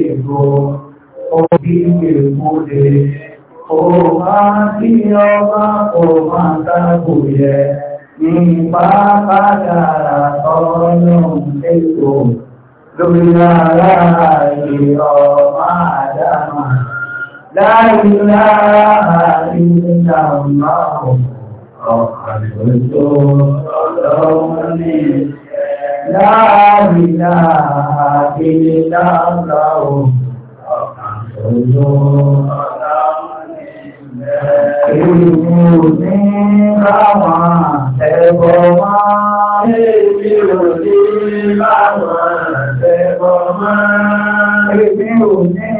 ìgbò ọbí ìgbòdè ọba tí ọba ọba tàbí yẹ ní pápádára ọlọ́run ètò lórí ara ìrọ̀má àdámà láìlára ìrìnà máa ọ̀pàá ìrìnà ọlọ́run ní láàrínà àti dáńdá òun ọ̀kan ṣoṣo ọ̀dá Èmi ò ní láwọn ẹ̀bọ̀ máa. Èmi ò ní láwọn ẹ̀bọ̀ máa. Èmi ò ní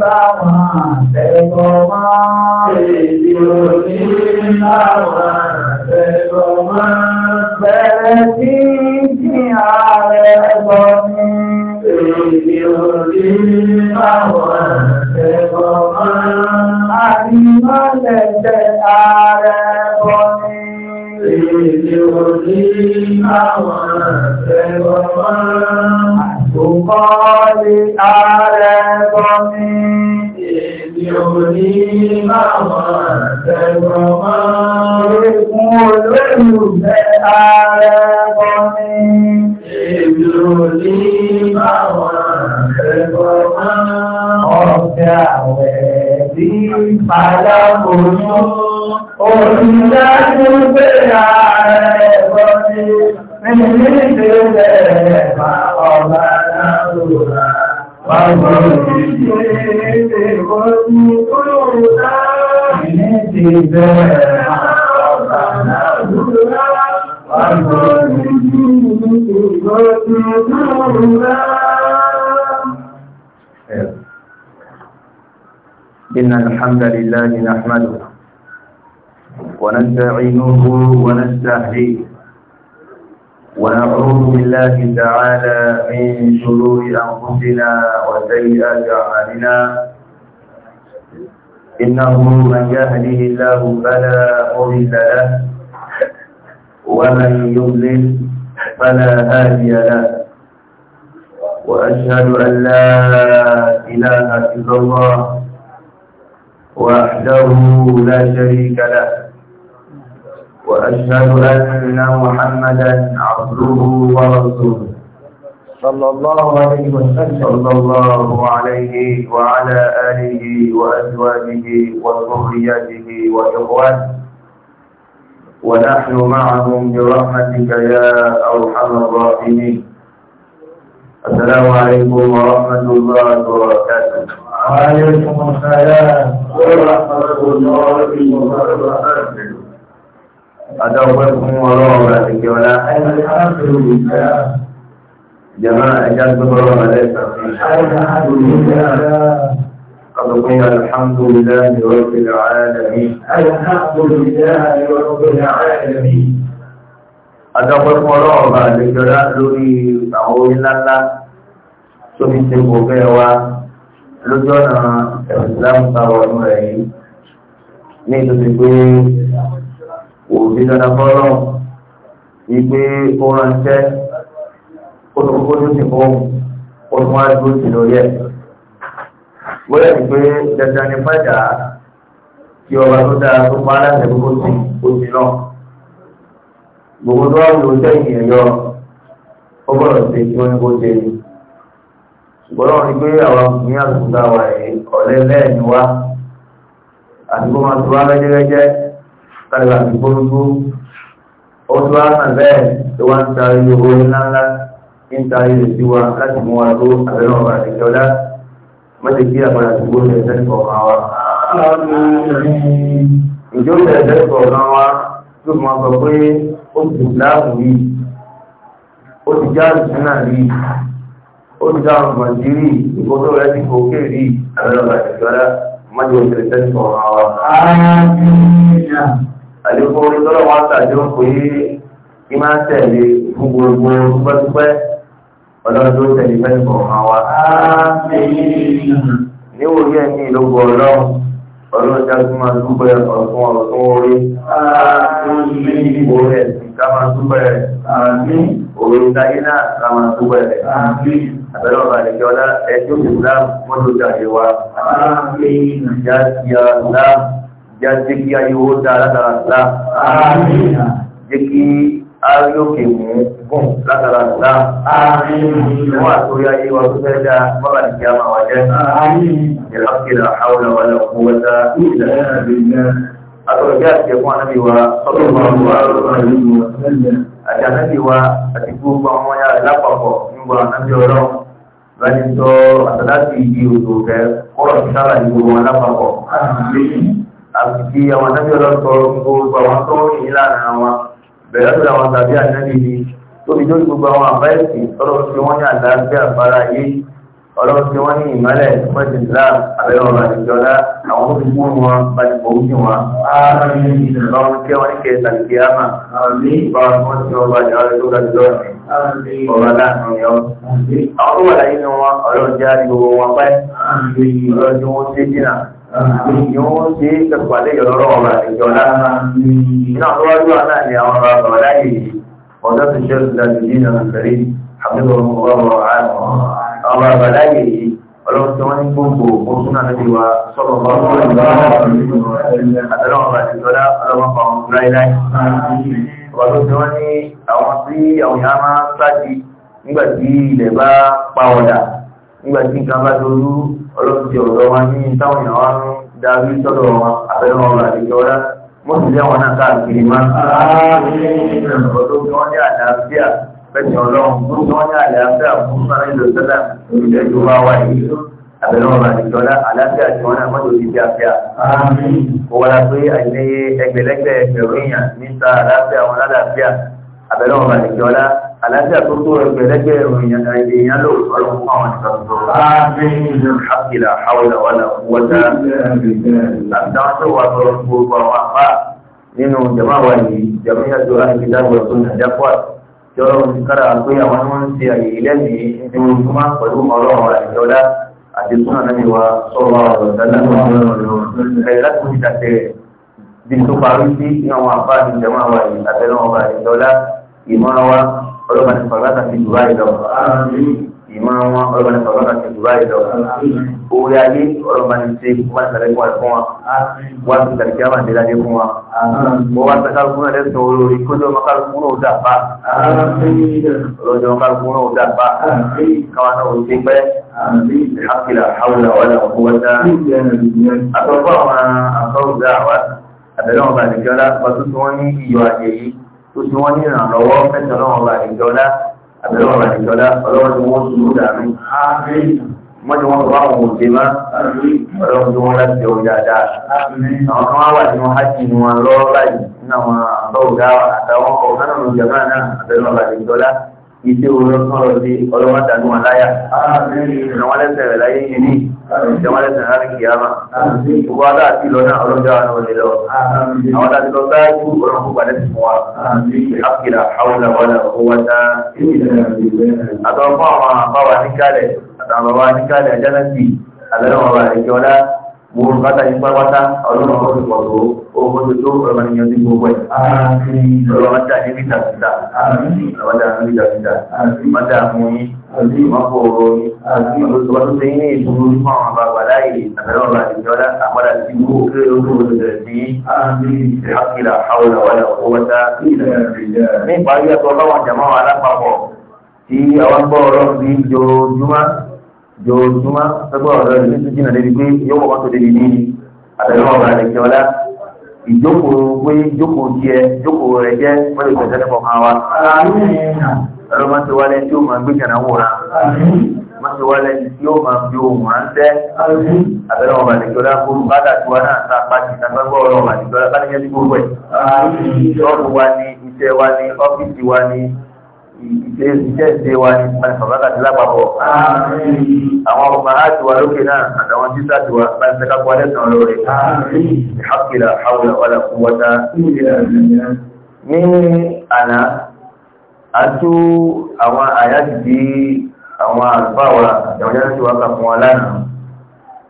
bá wọn tẹ́gbọ́ máa. Èdè òní bá wọn tẹ́gbọ́ máa. Bẹ̀rẹ̀ sí kí ní èdè òní àwọn ẹ̀rọ àtòkọ́ lé ààrẹ bọ́ ní èdè òní àwọn ẹ̀rọ ẹ̀kún olóòlù mẹ́ ààrẹ bọ́ ní èdè òní àwọn ẹ̀rọ ọ̀fẹ́ àwẹ̀ sí aláboyún olùdájú pé ààrẹ ẹ̀kọ́ sí nínú ìṣẹ̀lẹ̀ ẹ̀fà ọ̀gá láàrùn Bàbá òṣìṣẹ́ ìṣẹ̀kọ́ sí olùdá ní ti bẹ̀rẹ̀ ọ̀gá láàrùn Bàbá òṣìṣẹ́ ìṣẹ̀kọ́ sí olùdá إن الحمد لله نحمده ونستعينه ونستهديه ونعوذ بالله تعالى من شرور أنفسنا وسيئات أعمالنا إنه من يهده الله فلا مضل له ومن يضلل فلا هادي له وأشهد أن لا إله إلا الله وحده لا شريك له وأشهد أن محمدا عبده ورسوله صلى الله عليه وسلم صلى الله عليه وعلى آله وأزواجه وذريته وإخوانه ونحن معهم برحمتك يا أرحم الراحمين السلام عليكم ورحمة الله وبركاته وعليكم السلام ورحمة الله وبركاته Adọ́gbẹ́kún ọlọ́run àti kíọ́lá. Jẹ́mọ́ ẹja gbọ́gbọ́rọ̀ mẹ́lẹ́sà fún ìṣẹ́. قضي الحمد لله رب العالمين الحمد لله رب العالمين Adọ́pẹ́ fún ọlọ́ọ̀bà àdìjọ́lá lórí àwọn orí ńláńlá tó fi ṣe gbogbo ẹwà lójú na ìsìlámù sáwọ ọdún rẹ̀ yìí ní ìtòsí pé òbí dandan fọ́lọ́ wípé ó ránṣẹ́ ó tó kókó tó sì fún ó tún wá dúró sí lórí ẹ̀. bóyá ni pé dandan ni fàjà tí ọba tó dáa tó pa aláṣẹ gbogbo sí oṣù náà gbogbo tó wà lóṣẹ́ ìyẹn ó gbọ́dọ̀ ṣe kí wọ́n ní kó ṣe ni ṣùgbọ́n wọn ni pé àwọn ọkùnrin àtúntà wà ẹ̀ ọ̀lẹ́ lẹ́ẹ̀ni wá àti kó máa tó wá lẹ́jẹ́lẹ́jẹ́ tàbí àti gbóngbó ó tó wá nà bẹ́ẹ̀ tó wá ń tarí owó ńláńlá ń tarí lè sí wa láti mú wa tó àbẹ̀rẹ̀ ọ̀rọ̀ àdìjọ́ dá mọ́tẹ̀ kí àpàdà tó gbóngbó ẹ̀ sẹ́ni kọ̀ọ̀kan wa. ìjọ ìṣẹ̀lẹ̀ sẹ́ni kọ̀ọ̀kan wa tó máa sọ pé ó ti láàbù yìí ó ti já ó ti dáhùn gbọ̀njírí ìgbótó rẹ̀ ti gòkè rí àbẹ́lọ́gbà ìjọ́lá mọ́jú òṣèré tẹ́sán ọ̀rọ̀ àwọn àlékún orí tọ́lọ̀ wọn tàbí ó pè é kí máa tẹ̀lé fún gbogbo dúpẹ́dúpẹ́ ọlọ́run tó tẹ̀lé fẹ́sán ọ̀rọ̀ wa. ní orí ẹ̀mí ìlógo ọlọ́run ọlọ́run já sí máa dúpẹ́ ọ̀tún ọ̀tún orí orí ẹ̀sìn ká máa dúpẹ́ rẹ̀ òun ta iná àmà tó bẹ̀rẹ̀. Àbẹ̀rẹ̀ ọ̀rọ̀ àdìkẹ́ ọlá ẹjọ́ ìsìlám mọ́tò jáde wa. Jáde ìsìlám jáde kí ayé owó dá látara ìsìlám. Jẹ́ kí arókè mú gùn látara ìsìlám. Wọ́n àtúrí ayé wa tó fẹ́ dá mọ́bà nìkẹ́ àmà wà jẹ́. Ìlàkìlà àwọn ọ̀là kó wọ́ta ìlànà àbẹ̀rẹ̀. Àtọ̀rọ̀ bí àti ẹ̀kọ́ ànábì wa, ọlọ́run wa, ọlọ́run wa, àti ànábì wa àti gbogbo àwọn ọmọ yàrá lápapọ̀ nígbà ànábì ọlọ́run láti sọ àtàláti ìdí òtò rẹ kọ́rọ̀ sí sára ní gbogbo wọn lápapọ̀ àti ti àwọn ànábì ọlọ́run sọ gbogbo àwọn tó ń rìn láàrin àwọn bẹ̀rẹ̀ tó làwọn tàbí ànábì ni tóbi lórí gbogbo àwọn àbá ẹ̀sìn ọlọ́run tí wọ́n ní àlàáfíà fara yé ọlọ́run tí wọ́n ní ìmọ́lẹ̀ fún ìsìlá àbẹ̀rẹ̀ ọ̀rọ̀ àdìjọ́lá àwọn olùgbò wọn balùwò ní wọn ààrẹ ìlọ́run kí wọ́n kẹ tàbíyàmà ìbára wọn tí wọ́n bá jẹ́ ọ̀rẹ́ tó ga jùlọ ní ọ̀rọ̀ láàrin yọ. àwọn tó wà láyé ní wọn ọlọ́run jẹ́ àdìgbò wọn pẹ́ ọlọ́run tí wọ́n ṣe jìnnà yóò ṣe pẹ̀pàdé ìrọ̀rọ̀ ọ̀rọ̀ àìjọ lára iná tó wá lúwà ni àwọn ọ̀rọ̀ àbọ̀ láyé ọ̀dọ́ ti ṣe ọlọ́run tí wọ́n ń gbogbo oṣù náà níbi wa sọ́rọ̀ bá wọ́n ń bá àtàlọ́wọ́ bá ti tọ́lá ọlọ́wọ́n pa wọn láíláí ọlọ́run tí wọ́n ní àwọn tí àwọn yàrá máa ń sáàdì nígbà tí ilẹ̀ bá pa ọ̀dà nígbà tí nǹkan bá lóru ọlọ́run ti ọ̀dọ́ wa ní táwọn èèyàn wọn darí sọ́dọ̀ wọn àtàlọ́wọ́ bá ti tọ́lá mọ́sílẹ̀ wọn náà káàkiri máa ń pẹ̀sì ọlọ́run tó ń wọ́n ní àlàáfíà fún sáré lọ́sọ́lá ìjẹ́ tó bá wà yìí àbẹ̀lọ́wọ́ bá ti jọlá àlàáfíà tí wọ́n náà mọ́tò ti fi àfíà. ó wọ́n la pé àìlẹ́yẹ ẹgbẹ̀lẹ́gbẹ̀ ẹgbẹ̀rún èèyàn níta àlàáfíà wọn lálàáfíà àbẹ̀lọ́wọ́ bá ti jọlá àlàáfíà tó tó ẹgbẹ̀lẹ́gbẹ̀ èèyàn lò ọlọ́run fún àwọn nìkan tó. àbílà hawla wala quwwata àtàwọn tó wà lọ gbogbo àwọn àpá nínú jọrọ òǹkàrà pé àwọn ni wọ́n ń ṣe àyè lẹ́mìí ní ojúmọ́ pẹ̀lú ọlọ́run àìjọlá àti súnà náà wà sọ̀rọ̀ láti fi dàtẹ̀ bí tó parí sí àwọn àbá ìjọba wa àtẹnáwà àìjọlá ìmọ̀ wa ọlọ́pàá ti pàgátà ti jù báyìí lọ ìmọ̀ wọn ọlọ́ba ní sọ̀rọ̀ láti ìdúrà ìlọ. Orí ayé ọlọ́ba ní ṣe wá sí àlékún àlẹ́ fún wa. Wá sí ìdàríkí àwọn àdé lájẹ́ fún wa. Mo wá sí kálukú náà lẹ́sùn olórí kójú ọmọ kálukú náà ó dà bá. Olójú ọmọ kálukú náà ó dà bá. Káwa náà ó ṣe pẹ́. Hakila hawla wala quwwata. Àtọ̀fọ́ àwọn àtọ̀wùdá àwa àbẹ̀rẹ̀ wọn bá àbẹ̀lọ́wọ́ àtìjọ́lá ọlọ́wọ́ tí wọ́n sùúrù dàmí wọ́n ni wọ́n bá wọn òde má ọlọ́wọ́ tí wọ́n láti ọ̀ dáadáa àwọn kan wá wà nínú hajj ni wọ́n lọ́ báyìí nínú àwọn àbọ̀wò dáwà àtàwọn kọ̀ọ̀kan náà ló jẹ ìdí ọ̀rọ̀ sí ọlọ́wọ́dàdú aláyà ìrànwọ́lẹ́sẹ̀ rẹ̀ láyé yìí ní ìjọmọ́lẹ́sẹ̀ rárá kìíyàmá gbogbo aláàtí lọ́nà ọlọ́jọ́ àwọn olè lọ àwọn aláàtí lọ sáájú ọ̀rọ̀ fún padà sí fún wa àkìlà àwọn àwọn ọwọ́ta àtọ́fọ́ àwọn àbáwà níkàlẹ̀ àtàwọn bàbá níkàlẹ̀ àjálẹ́sì àbẹ́rẹ́ wọn gbogbo bàtà yìí pátápátá ọlọ́run ọkọ̀ ti pọ̀ tó owó tó tó ọ̀rọ̀ ènìyàn ní gbogbo ẹ̀. ọlọ́run ọjà ní níta síta ọlọ́run ọjà ní níta síta mọ́tà mú yín mọ́kò oró yín ọlọ́run tó yín ní ìdúró ní fún àwọn bàbá láyé àtàlọ́ ọ̀rọ̀ àdìjọ́lá àpàdà sí gbogbo kéré ojú ojú rẹ̀ sí ìhàkìlà àwọn alápapọ̀ tí àwọn gbọ́ ọlọ́run ní ìjọ ojúmọ́ jòjúmọ́ gbogbo ọ̀rọ̀ ìlú tó jìnà débi pé yóò wọ́n tó débi ní àtẹ̀lẹ́wọ̀n ọ̀rọ̀ rẹ̀ jọlá ìjókòó pé jókòó jẹ jókòó rẹ̀ jẹ́ mọ́lẹ̀ ìgbẹ̀sẹ̀ lẹ́kọ̀ọ́ kan wa. ọ̀rọ̀ máa ti wálé tí ó máa gbé jẹ̀nà wò rán máa ti wálé tí ó máa fi ohun à ń tẹ́ àtẹ̀lẹ́wọ̀n ọ̀rọ̀ rẹ̀ kúrú bàtà tí wọn náà ta pàtì ìtagbàgbọ́ ọ̀rọ̀ rẹ̀ ìjẹ́sẹ̀ wa ní pàṣípàá àti lápapọ̀. Àwọn ọmọ àti wà lókè náà àtàwọn títà ti wà pàṣípàá kọ́ lẹ́sàn lórí. Ìhàkìlà àwọlà wà lápò wọ́ta. Ní àná, a tó àwọn àyàtì tí àwọn àlùfáà àtàwọn jẹ́ ti wà kà fún wa lánàá.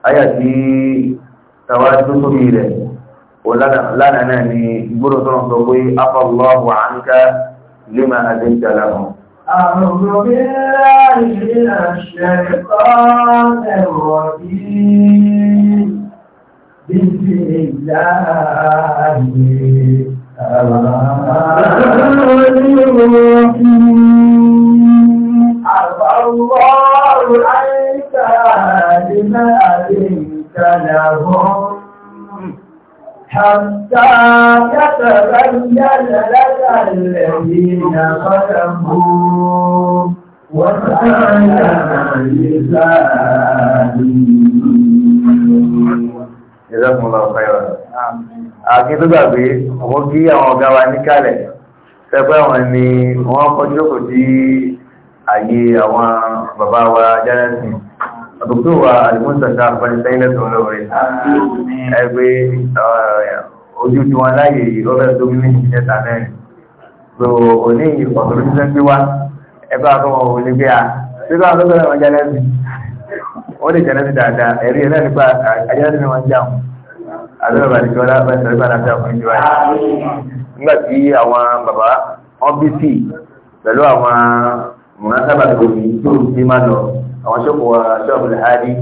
Àyà tí tàwa tó لما أذنت لهم أعوذ بالله من الشيطان الرجيم بسم الله الرحمن الله أنت لما أذنت لهم حتى يتبين لك الذين خلقوا وسعي جزاكم الله خيرا àti tó gbàgbé ọmọ kí àwọn ọ̀gá wa níkàlẹ̀ sẹ́pẹ́ wọn ni wọ́n kọjú òkú sí àyè àwọn bàbá wa jẹ́rẹ́sìn àbùkù wa àdìmọ́sàká àpẹẹsẹ́yìn lẹ́tọ̀ọ́ lọ́wọ́rẹ́ ẹgbẹ́ ojú tí wọn láyè ìrọ́lẹ́ tó mímí ìjẹta mẹ́rin tó òní ìpọ̀tọ̀rọ̀ títẹ́ gbé wá ẹgbẹ́ àkọ́wọ̀ òní gbé a síbá àkọ́kọ́ wọn jẹ́lẹ́sì wọ́n lè jẹ́lẹ́sì dáadáa ẹ̀rí ẹ̀rẹ́ nípa ajẹ́lẹ́sì ni wọ́n jáun àdúrà ní jọlá bẹ́sẹ̀ bá láti àwọn ìjọba yìí nígbà tí àwọn bàbá wọn bí sí pẹ̀lú àwọn mọ̀nà sábà tó fi tó àwọn ṣọ́pù wa ṣọ́pù láàrí tí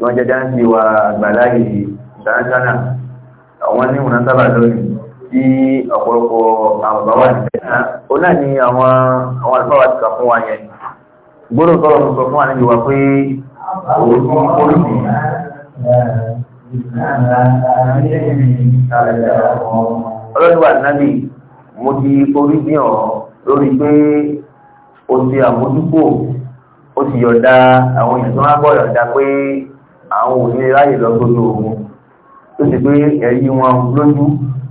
wọ́n jẹ́ dáńsì wa gbàláyé dáńsánà àwọn ní ìwòrán sábà lórí tí ọ̀pọ̀lọpọ̀ àbáwà nìyẹn ni àwọn àwọn àlùfáà ti kà fún wa yẹn gbọ́dọ̀ tọ́lọ̀ sọ fún wa níbi wa pé òun kọ́ olùkọ́ ọlọ́dúnwà nábì mo ti orí bí lórí pé o ti àmójúkò ó ti yọ̀dá àwọn èèyàn tó wá gbọ́ yọ̀dá pé àwọn ò ní ráyè lọ sójú ogun tó ti pé ẹ̀yí wọn lójú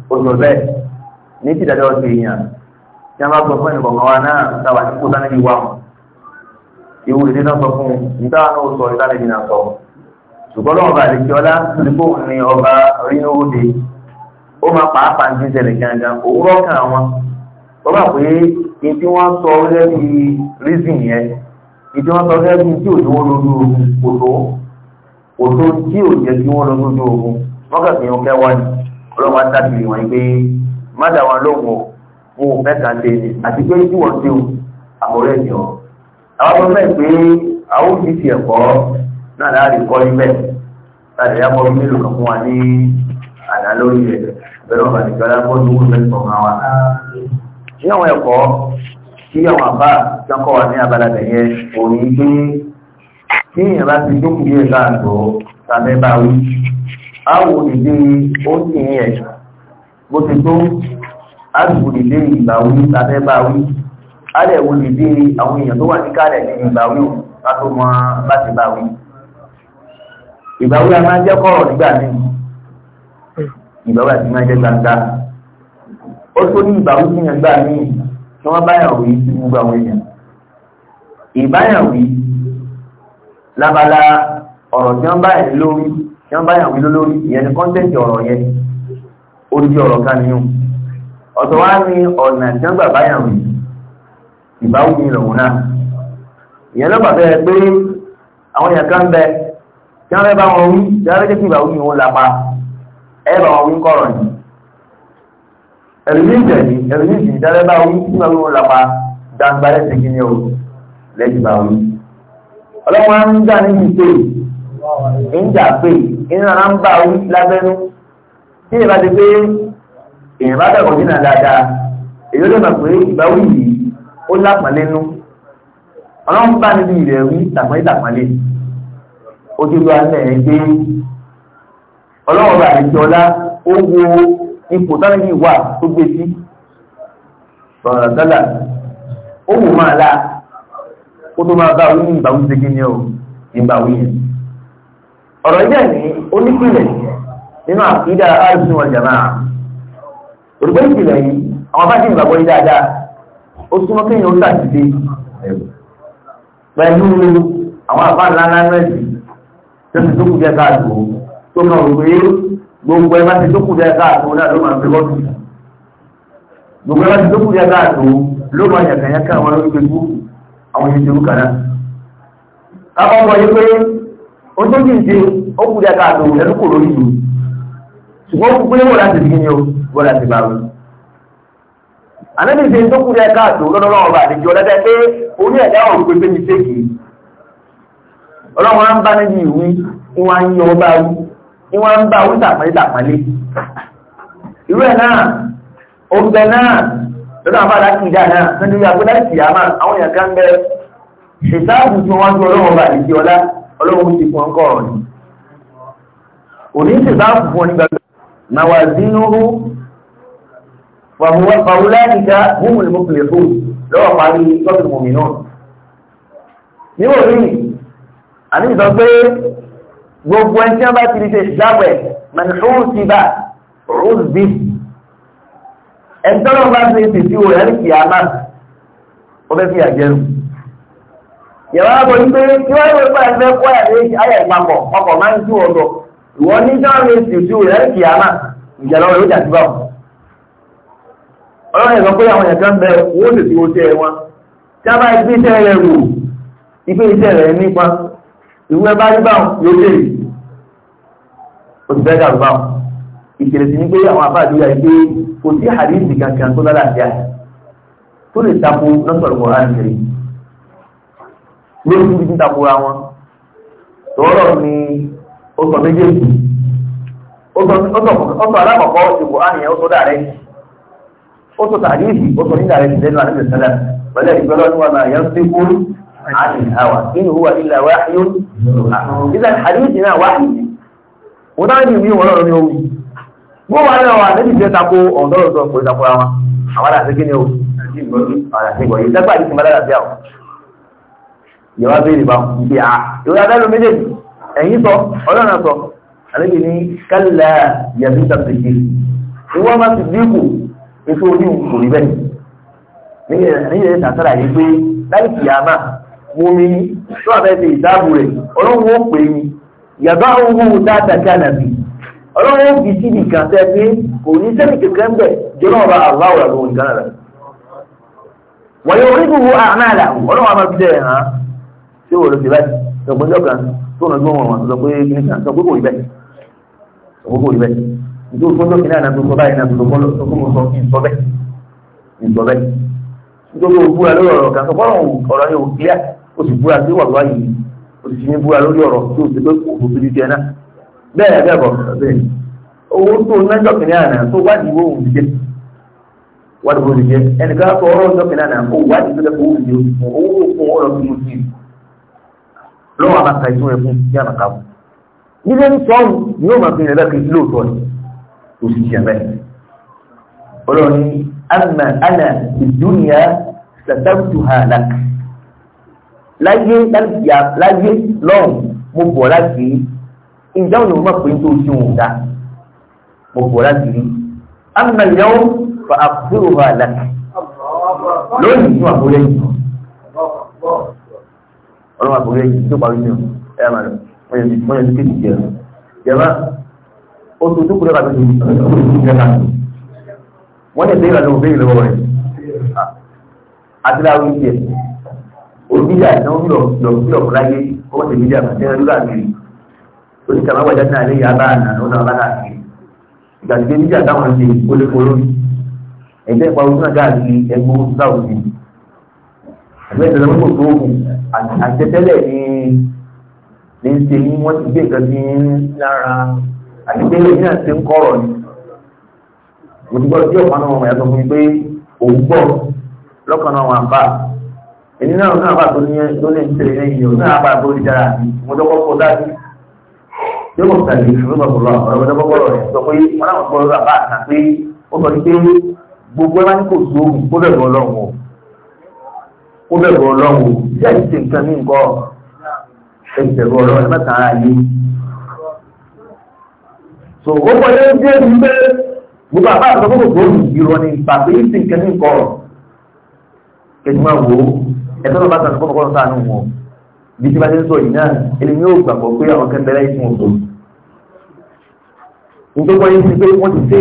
ó sọ bẹ́ẹ̀ ní ti dájọ́ ti èèyàn tí a bá sọ fún ẹnìkọ̀ọ̀kan wa náà sábà tí kò sáré wà wọn ìwò ìdí náà sọ fún un níta náà sọ ìsáré ìdí náà sọ ṣùgbọ́n lọ́wọ́ bá àdékí ọlá nípò ní ọba rínú òde ó máa pàápàá ń díṣẹ̀lẹ̀ gangan òwúrọ̀ kan àwọn wọ́n bá pé ní tí wọ́n sọ orílẹ̀-èdè rízìn yẹn ìdí wọn sọ fẹ́ bí tí ò ní wọ́n lójú ogun òtó òtó tí ò jẹ́ kí wọ́n lójú ogun wọ́n kàn fi hàn kẹwàá ni ọlọ́wọ́ àtàkìrì wọ̀nyí pé má dà wọn lóhùn o wọn ò fẹ́ àti pé tí wọ́n ti o àbọ̀rẹ́ ni ọ. àwọn ọmọ bẹ́ẹ̀ pé àwọn òbí ti ẹ̀kọ́ náà láàrin kọ́ níbẹ̀ láti yá bọ́ mélòó kan fún wa ní àná lórí rẹ̀ bẹ́ẹ̀ lọ́ba nìkan lábọ́ ní wọ́n fẹ́ sọ̀rọ̀ wa. ní àwọn tí àwọn àbá jákọ́ wà ní abala tẹ̀yẹ òní pé tí èèyàn bá ti dókùn bí ẹ̀ka àgbọ̀ tàbí bá wí áwò dìde ó sì ń yẹ bó ti tó áwò dìde ìbáwí tàbí bá wí álẹ̀ wo dìde àwọn èèyàn tó wà ní kálẹ̀ ní ìbáwí ò bá tó mọ bá ti bá wí ìbáwí a máa jẹ́ kọ́rọ̀ nígbà míì ìbáwí àti máa jẹ́ gbangba ó tó ní ìbáwí sí yẹn gbà míì tí wọ́n báyàn wí sí gbogbo àwọn èèyàn ìbáyàn wí lábala ọ̀rọ̀ tí wọ́n báyàn lórí tí wọ́n báyàn wí lórí ìyẹn ni kọ́ńtẹ́ǹtì ọ̀rọ̀ yẹn ó di ọ̀rọ̀ kanìyàn ọ̀tọ̀ wá ní ọ̀nà tí wọ́n gbà báyàn wí ìbáwí ni lòun náà ìyẹn ló bàbá pé àwọn èèyàn kan bẹ tí wọ́n bá wọn wí tí wọ́n bá jẹ́ kí ìbáwí ni wọ́n lápa ẹ bá wọn wí kọ̀rọ̀ yìí ẹlòmíì jẹ̀bi ẹlòmíì jì dáadáa bá wí sí ìgbàlú làpá dàgbà ẹsẹ̀ kìíní o lẹ́yìn bá wí. ọlọ́wọ́n á ń jà níbi pé ìjà pé iná náà ń bá wí lábẹ́nú tí ìbá ti pé èèyàn bá bẹ̀rù nínà dáadáa èyí ó lè mọ̀ pé ìbáwí yìí ó lápọ̀lẹ́nu ọlọ́run bá níbi ìrẹ̀ ipò tọ́lá yìí wà tó gbé sí sọ̀rọ̀ dọ́là ó wù máa la kó tó máa bá wí ìgbà ni o ìgbà wí ọ̀rọ̀ yìí ní onípìlẹ̀ nínú àkídà àìsùn ọ̀jà máa òrùgbé ìpìlẹ̀ yìí àwọn bá dín ìgbàgbọ́ yìí dáadáa ó súnmọ́ kéèyàn ó pẹ̀lú àwọn àbá tó ti tó gbogbo ẹ bá ti atụ díẹ̀ káàtó náà ló máa ń fi gbogbo ẹ bá ti dókù díẹ̀ ló máa gbogbo àwọn yìí tẹ̀wú kàdá. kápá wọ yí pé ó tó kì í ṣe ó kù díẹ̀ káàtó ẹnu kò lórí ìlú ṣùgbọ́n ó kú pé wọ́n láti ní o wọ́n láti bá wọn. ọba àdìjọ ni wọ́n ń bá wíta àpẹẹlẹ àpẹẹlẹ irú ẹ̀ náà oúnjẹ náà lọ́dọ̀ àfáàdá kìíjà náà nínú agbẹ́dá ìkìyà máa àwọn èèyàn kan bẹ ṣètáàbù tí wọ́n ju ọlọ́run bá ìdí ọlá ọlọ́run ti fún ọkọ̀ ọ̀rọ̀ ni òní ṣètáàbù fún onígbà náà wà dínúrú fàwùlẹ́nìkà múmùlì múpìlẹ̀ fún lọ́wọ́ parí lọ́pìlì mòmìnà níwọ̀n rí àníjọ pé gbogbo ẹni tí wọ́n bá ti rí ṣe ìjábọ̀ ẹ̀ mẹ̀lúùsìbà rúùsì ẹ̀ńtọ́rọ̀ bá ti ṣe sí òrẹ́ ní kìámà ó fẹ́ fi àjẹrù yàrá àbọ̀ ní pé kí wọ́n lè gbà ẹgbẹ́ kó ẹ̀rí ayẹ̀ papọ̀ ọkọ̀ máa ń tú ọ̀dọ̀ ìwọ ní tí wọ́n lè ṣe sí òrẹ́ ní kìámà ìjà lọ́wọ́ ló jàdúrà ọlọ́run ẹ̀sọ́ pé àwọn ẹ̀kan bẹ wọ́n lè fi oṣẹ́ wọn tí a bá gbé iṣẹ́ rẹ̀ rò ipe iṣẹ́ rẹ̀ nípa ìwé bá rí báwọn yóò lè rí òṣìṣẹ́ dàrú báwọn ìṣẹ̀lẹ̀ sí ní pé àwọn àbáàdé yà pé kò sí àdéhìsì kankan tó lálàáfíà tó lè tako lọ́sọ̀rọ̀ kọ̀ láti rí lórí ibi títa kóra wọn tọ́rọ̀ ni ó sọ méjèèjì ó sọ alákọ̀ọ́kọ́ ìbò àníyàn ó sọ dàrẹ́ ó sọ tàdéhìsì ó sọ nídàrẹ́ ìdẹ́nu عن الهوى إن هو إلا وحي إذا الحديث هنا وحي وده ni mi wọ́n lọ́rọ̀ ní orí bó wà náà wà níbi tí ó tako ọ̀dọ́rọ̀ tó ọkùnrin tako ara wọn àwọn aláàfẹ́ kí ni o àyàfẹ́gbọ̀ yìí dágbà yìí ti máa dára bí àwọn ìyàwó abéèrè bá ìgbé à ìwé abẹ́rù méjèèjì ẹ̀yìn sọ ọlọ́run sọ àlejò ní kálá yàtí tàbí ìwọ má ti dínkù èso oníhùn kò rí bẹ́ẹ̀ níyẹn tàtàrà yìí pé láì kìyàmá wumi ní tó àfẹ́sẹ̀ ìdáàbò rẹ̀ ọlọ́run ó pè ní yàbá ohun dáadáa kánàbì ọlọ́run ó fi sí nìkan tẹ́ pé kò ní sẹ́ni kankan bẹ̀ jọlọ́ ọba aláwọ̀ rẹ̀ lóhun kan rẹ̀ wọ́n yóò rí gbogbo àmà àlà ọlọ́run o sì búra sí wàlúwà yìí o sì ní búra lórí ọ̀rọ̀ tí o sì pé kò tó ti jẹ náà bẹ́ẹ̀ bẹ́ẹ̀ bọ̀ bẹ́ẹ̀ owó tó lọ́jọ́ kìnìún àná tó wádìí owó òun jẹ wádìí owó jẹ ẹnìkan sọ ọ̀rọ̀ lọ́jọ́ kìnìún àná owó wádìí tó lẹ́kọ̀ọ́ òun jẹ owó fún ọ̀rọ̀ tó lù lọ́wọ́ àmàkà ìtún rẹ̀ fún sí àmàkà nílé ń sọ ni ó máa fi rẹ̀ lẹ́kọ̀ọ́ lóòótọ́ ni kò sì ṣe bẹ́ẹ̀. ọlọ́run ana ìdúnyà sàtàkùtù hàlàkì láyé láyé lọ́rùn mo bọ̀ láti rí ǹjẹ́ òun mọ̀ pé tó ṣe òun dá mo bọ̀ láti rí amma yau fa àkúrò wa láti lónìí fún àkúrẹ́ yìí ọlọ́run àkúrẹ́ yìí tó parí nìyẹn ẹ̀yà máa lọ wọ́n yẹ kí wọ́n yẹ kí jẹ́ jẹ́má ó tó tó kúrẹ́ kàtó wọ́n yẹ kí wọ́n yẹ kí wọ́n yẹ kí yẹ kí wọ́n yẹ kí wọ́n yẹ kí onídìí àtàwọn bí ọ̀pọ̀ láyé ó wọ́n ti bí dàgbà tẹ́lẹ̀ lórí àgbèrè ó ti kàmá wájà náà lé yàrá àná lọ́nà ọ̀làdà àgbèrè ìgbà tí onídìí àtàwọn ṣe olókòrò ẹgbẹ́ ìpa ojú náà káàkiri ẹgbẹ́ ojú náà òsì ẹgbẹ́ ìtọ́jú mọ́tò tó ogun àtẹ́tẹ́lẹ̀ ni ní ṣe yín wọ́n ti gbé nǹkan sí lára àtẹ́tẹ́lẹ̀ yín náà ṣe ń kọ́rọ̀ ni mo ti gbọ́dọ̀ tí ọ̀pá náà wọ̀ èyí náà náà bá tó ní tó ní ìtẹ̀lẹ̀ lẹ́yìn o náà bá tó ní dára bí mo dọ́kọ́ kó dájú yóò kọ́ sàlẹ̀ ìṣòro bọ̀rọ̀ ọ̀rọ̀ dọ́kọ́ bọ̀rọ̀ rẹ̀ sọ pé wọ́n náà bọ̀rọ̀ rà bá àná pé ó sọ pé gbogbo ẹ̀ máa ní kò sí ohun kó bẹ̀ bọ̀ ọlọ́run kó bẹ̀ bọ̀ ọlọ́run bí àyè ṣe nǹkan ní nǹkan ẹ̀ṣẹ̀ bọ̀ ọlọ́run mẹ́ta ara yé so ó kọ́ yẹ́ dé ibi pé gbogbo àbá àtọ́kọ́ kò tó ìrọ̀ ní ìgbà pé ṣe nǹkan ní ẹ̀tọ́ lọ́ba sàn kọ́ kọ́ sànù wọn bí tí bá ti ń sọ yìí náà ẹni yóò gbàgbọ́ pé àwọn kan bẹ̀rẹ̀ ìfún òṣò nítorí wọ́n yín ti pé wọ́n ti sé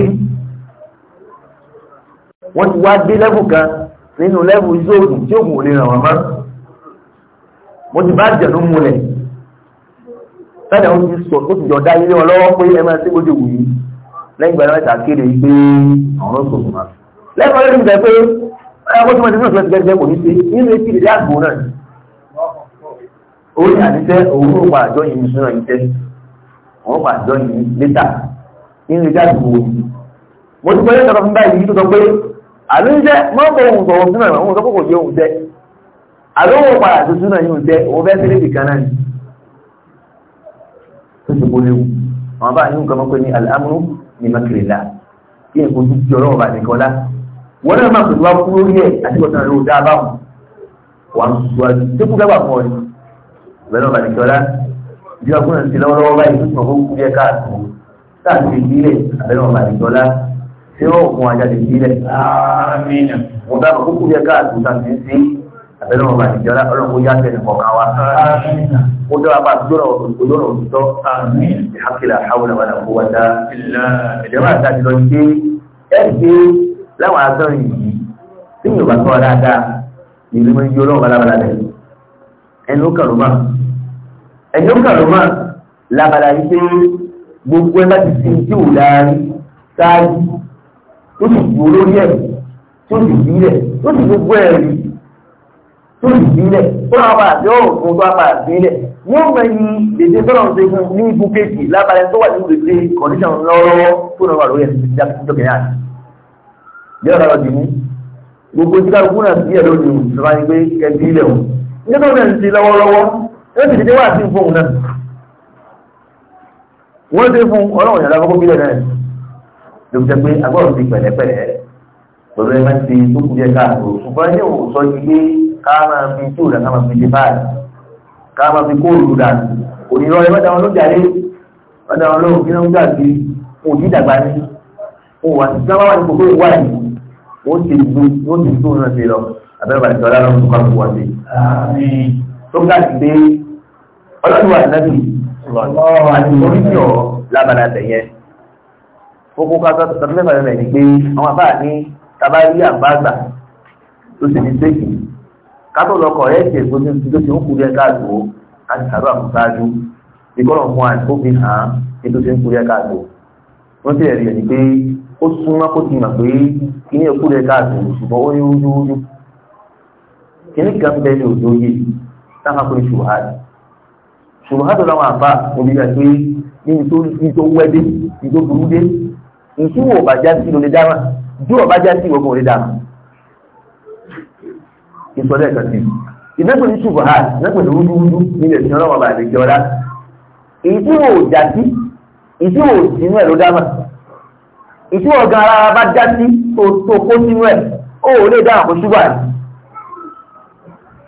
wọ́n ti wá dé lẹ́bù kan nínú lẹ́bù ìṣòògùn tí òògùn ò lè ràn wọ́n mọ́ wọ́n ti bá jẹ̀nu múlẹ̀ sáyẹn ó ti sọ ó ti jọ dá ilé wọn lọ́wọ́ pé ẹ máa ṣe gbójú wù yìí lẹ́yìn ìgbà náà mẹ́ta kéde pé àwọn ó sòkùn máa lẹ́kọ̀ọ́ lórí ìgbà pé ẹgbẹ́ tó mọ̀ nínú ìfẹ́ gẹ́gẹ́ kò ní ṣe nínú etí ìdílé àgbò náà ó ní àníṣẹ́ òun ó pa àjọ yìí nínú ìṣẹ́ wọ́n pa àjọ yìí létà nínú ìdílé àgbò mo ti pẹ́ lẹ́tọ̀ọ́ fún báyìí tó sọ pé àlóúnjẹ mọ́ bọ̀ ohun sọ̀rọ̀ sínú ẹ̀rọ ohun sọ́kòkò sí ohun jẹ́ àlóhùn padà tó sínú ẹ̀yìn ohun jẹ́ òun fẹ́ sílé nìkan náà tó ti bóléwu àwọn bá yín nǹkan mọ́ pé ní àlámúrú ní mọ́kìrìlá kí n kojú ti ọlọ́run bá nìkan lá wọ́n náà máa pẹ̀lú akú lórí ẹ̀ àti ọ̀sán rẹ̀ ò dá bá wọn wà ń sọ àti tẹ́kù gbàgbà fún ọ ni ìbẹ̀rẹ̀ ọ̀bà nìkọ́lá bí ọkùnrin náà ti lọ́wọ́lọ́wọ́ báyìí tó sàn fún kúrẹ́ káàtó káàtó ìbílẹ̀ àbẹ̀rẹ̀ ọ̀bà nìkọ́lá tí ó mú ajá lè bílẹ̀ mo bá wọn kúrẹ́ káàtó tàbí sí àbẹ̀rẹ̀ ọ̀bà ọlọ́run ó yá tẹ̀lẹ̀ kọ̀ọ̀kan wa ó dọ́ra bá dọ́rọ̀ òdòdó òtítọ́ ìhàkìlà àwọn àwọn àwọn àwọn àwọn àwọn láwọn àtọ́ yìí tí mi ò bá tọ́ dáadáa ìlú mi yóò lọ́wọ́ balabala rẹ̀ ẹni ó kàró máa ẹni ó kàró máa labala yìí pé gbogbo ẹ bá ti sin tí ò láàárín ṣáájú tó sì ju olórí ẹ̀ tó sì bí rẹ̀ tó sì gbogbo ẹ̀ rí tó sì bí rẹ̀ tó náà bá àti ọ̀rọ̀ fún tó bá àti rẹ̀ wọ́n mọ ní dèdè tọ́lọ̀ ṣe fún ní ibú kéèkì tó wà ní ìrètí kọ̀díṣàn lọ́wọ́lọ́wọ́ tó náà wà lórí ti dá jẹ́ ọ̀rọ̀ ọ̀dì mú gbogbo tí káàkú náà sí ẹ̀rọ ni ìjọba ni pé kẹbí ilẹ̀ òun ní tó náà ń ti lọ́wọ́lọ́wọ́ ó sì dédé wà sí fóun náà wọ́n dé fún ọlọ́run yàrá fọ́kọ́ bílẹ̀ náà ló jẹ́ pé agbọ́rọ̀ ti pẹ̀lẹ́pẹ̀lẹ́ pẹ̀lú ẹgbẹ́ ti tó kù jẹ́ káàkó ṣùgbọ́n ní òun sọ ti pé ká máa fi tó rẹ̀ ká máa fi dé báyìí ká máa fi kóòlù dà ònírọ̀ ẹ̀ mẹ́ta wọn ló jàre mẹ́ta wọn ló kí náà ń gbà sí òdìdàgbà ní òun àti sábà wà ní kòkó ìwà yìí ó ti dùn ó ti dùn náà sí lọ abẹ́rẹ́ bàtí ọlọ́run tó kọ́ wọ́n sí. tó ká sí pé ọlọ́run wà nábì lọ́nà àti oríṣi ọ̀ lábàdà tẹ̀yẹ. kókó ká sọ sọ fẹ́ fẹ́ ni pé àwọn àbá ní tabari àbáàgbà tó sì ní séèkì kátó lọ kọ̀ ẹ́ẹ̀kì èkó tó ti ń kú díẹ̀ káàtó láti sàrò àkúsáájú ìkọ́lọ̀ fún àti ó fi hàn án ètò tó ń kú díẹ̀ káàtó. wọ́n ti rẹ̀ rí ó súnmọ́ kó ti mọ̀ pé kíní ẹ̀kú rẹ̀ káàkiri ṣùgbọ́n ó ní rúdúrúdú kíní kan bẹ ní òjò yìí táwọn pé ṣùhàdì ṣùhàdì làwọn àbá òbí rẹ̀ pé ní tó wẹ́dé ní tó burú dé ìṣúwò ọ̀bàjá sí ló lè dára ju ọ̀bàjá sí ìwọ̀gbọ̀n lè dára ìsọdẹ̀ kan sí ìdẹ́gbẹ̀ ní ṣùhàdì ìdẹ́gbẹ̀ ní rúdúrúdú nílẹ̀ ìṣẹ́ ọlọ́wọ́ ìtí ọ̀gá ara bá já sí tó kó sínú ẹ̀ ó lè dá àpò ṣúgbà rí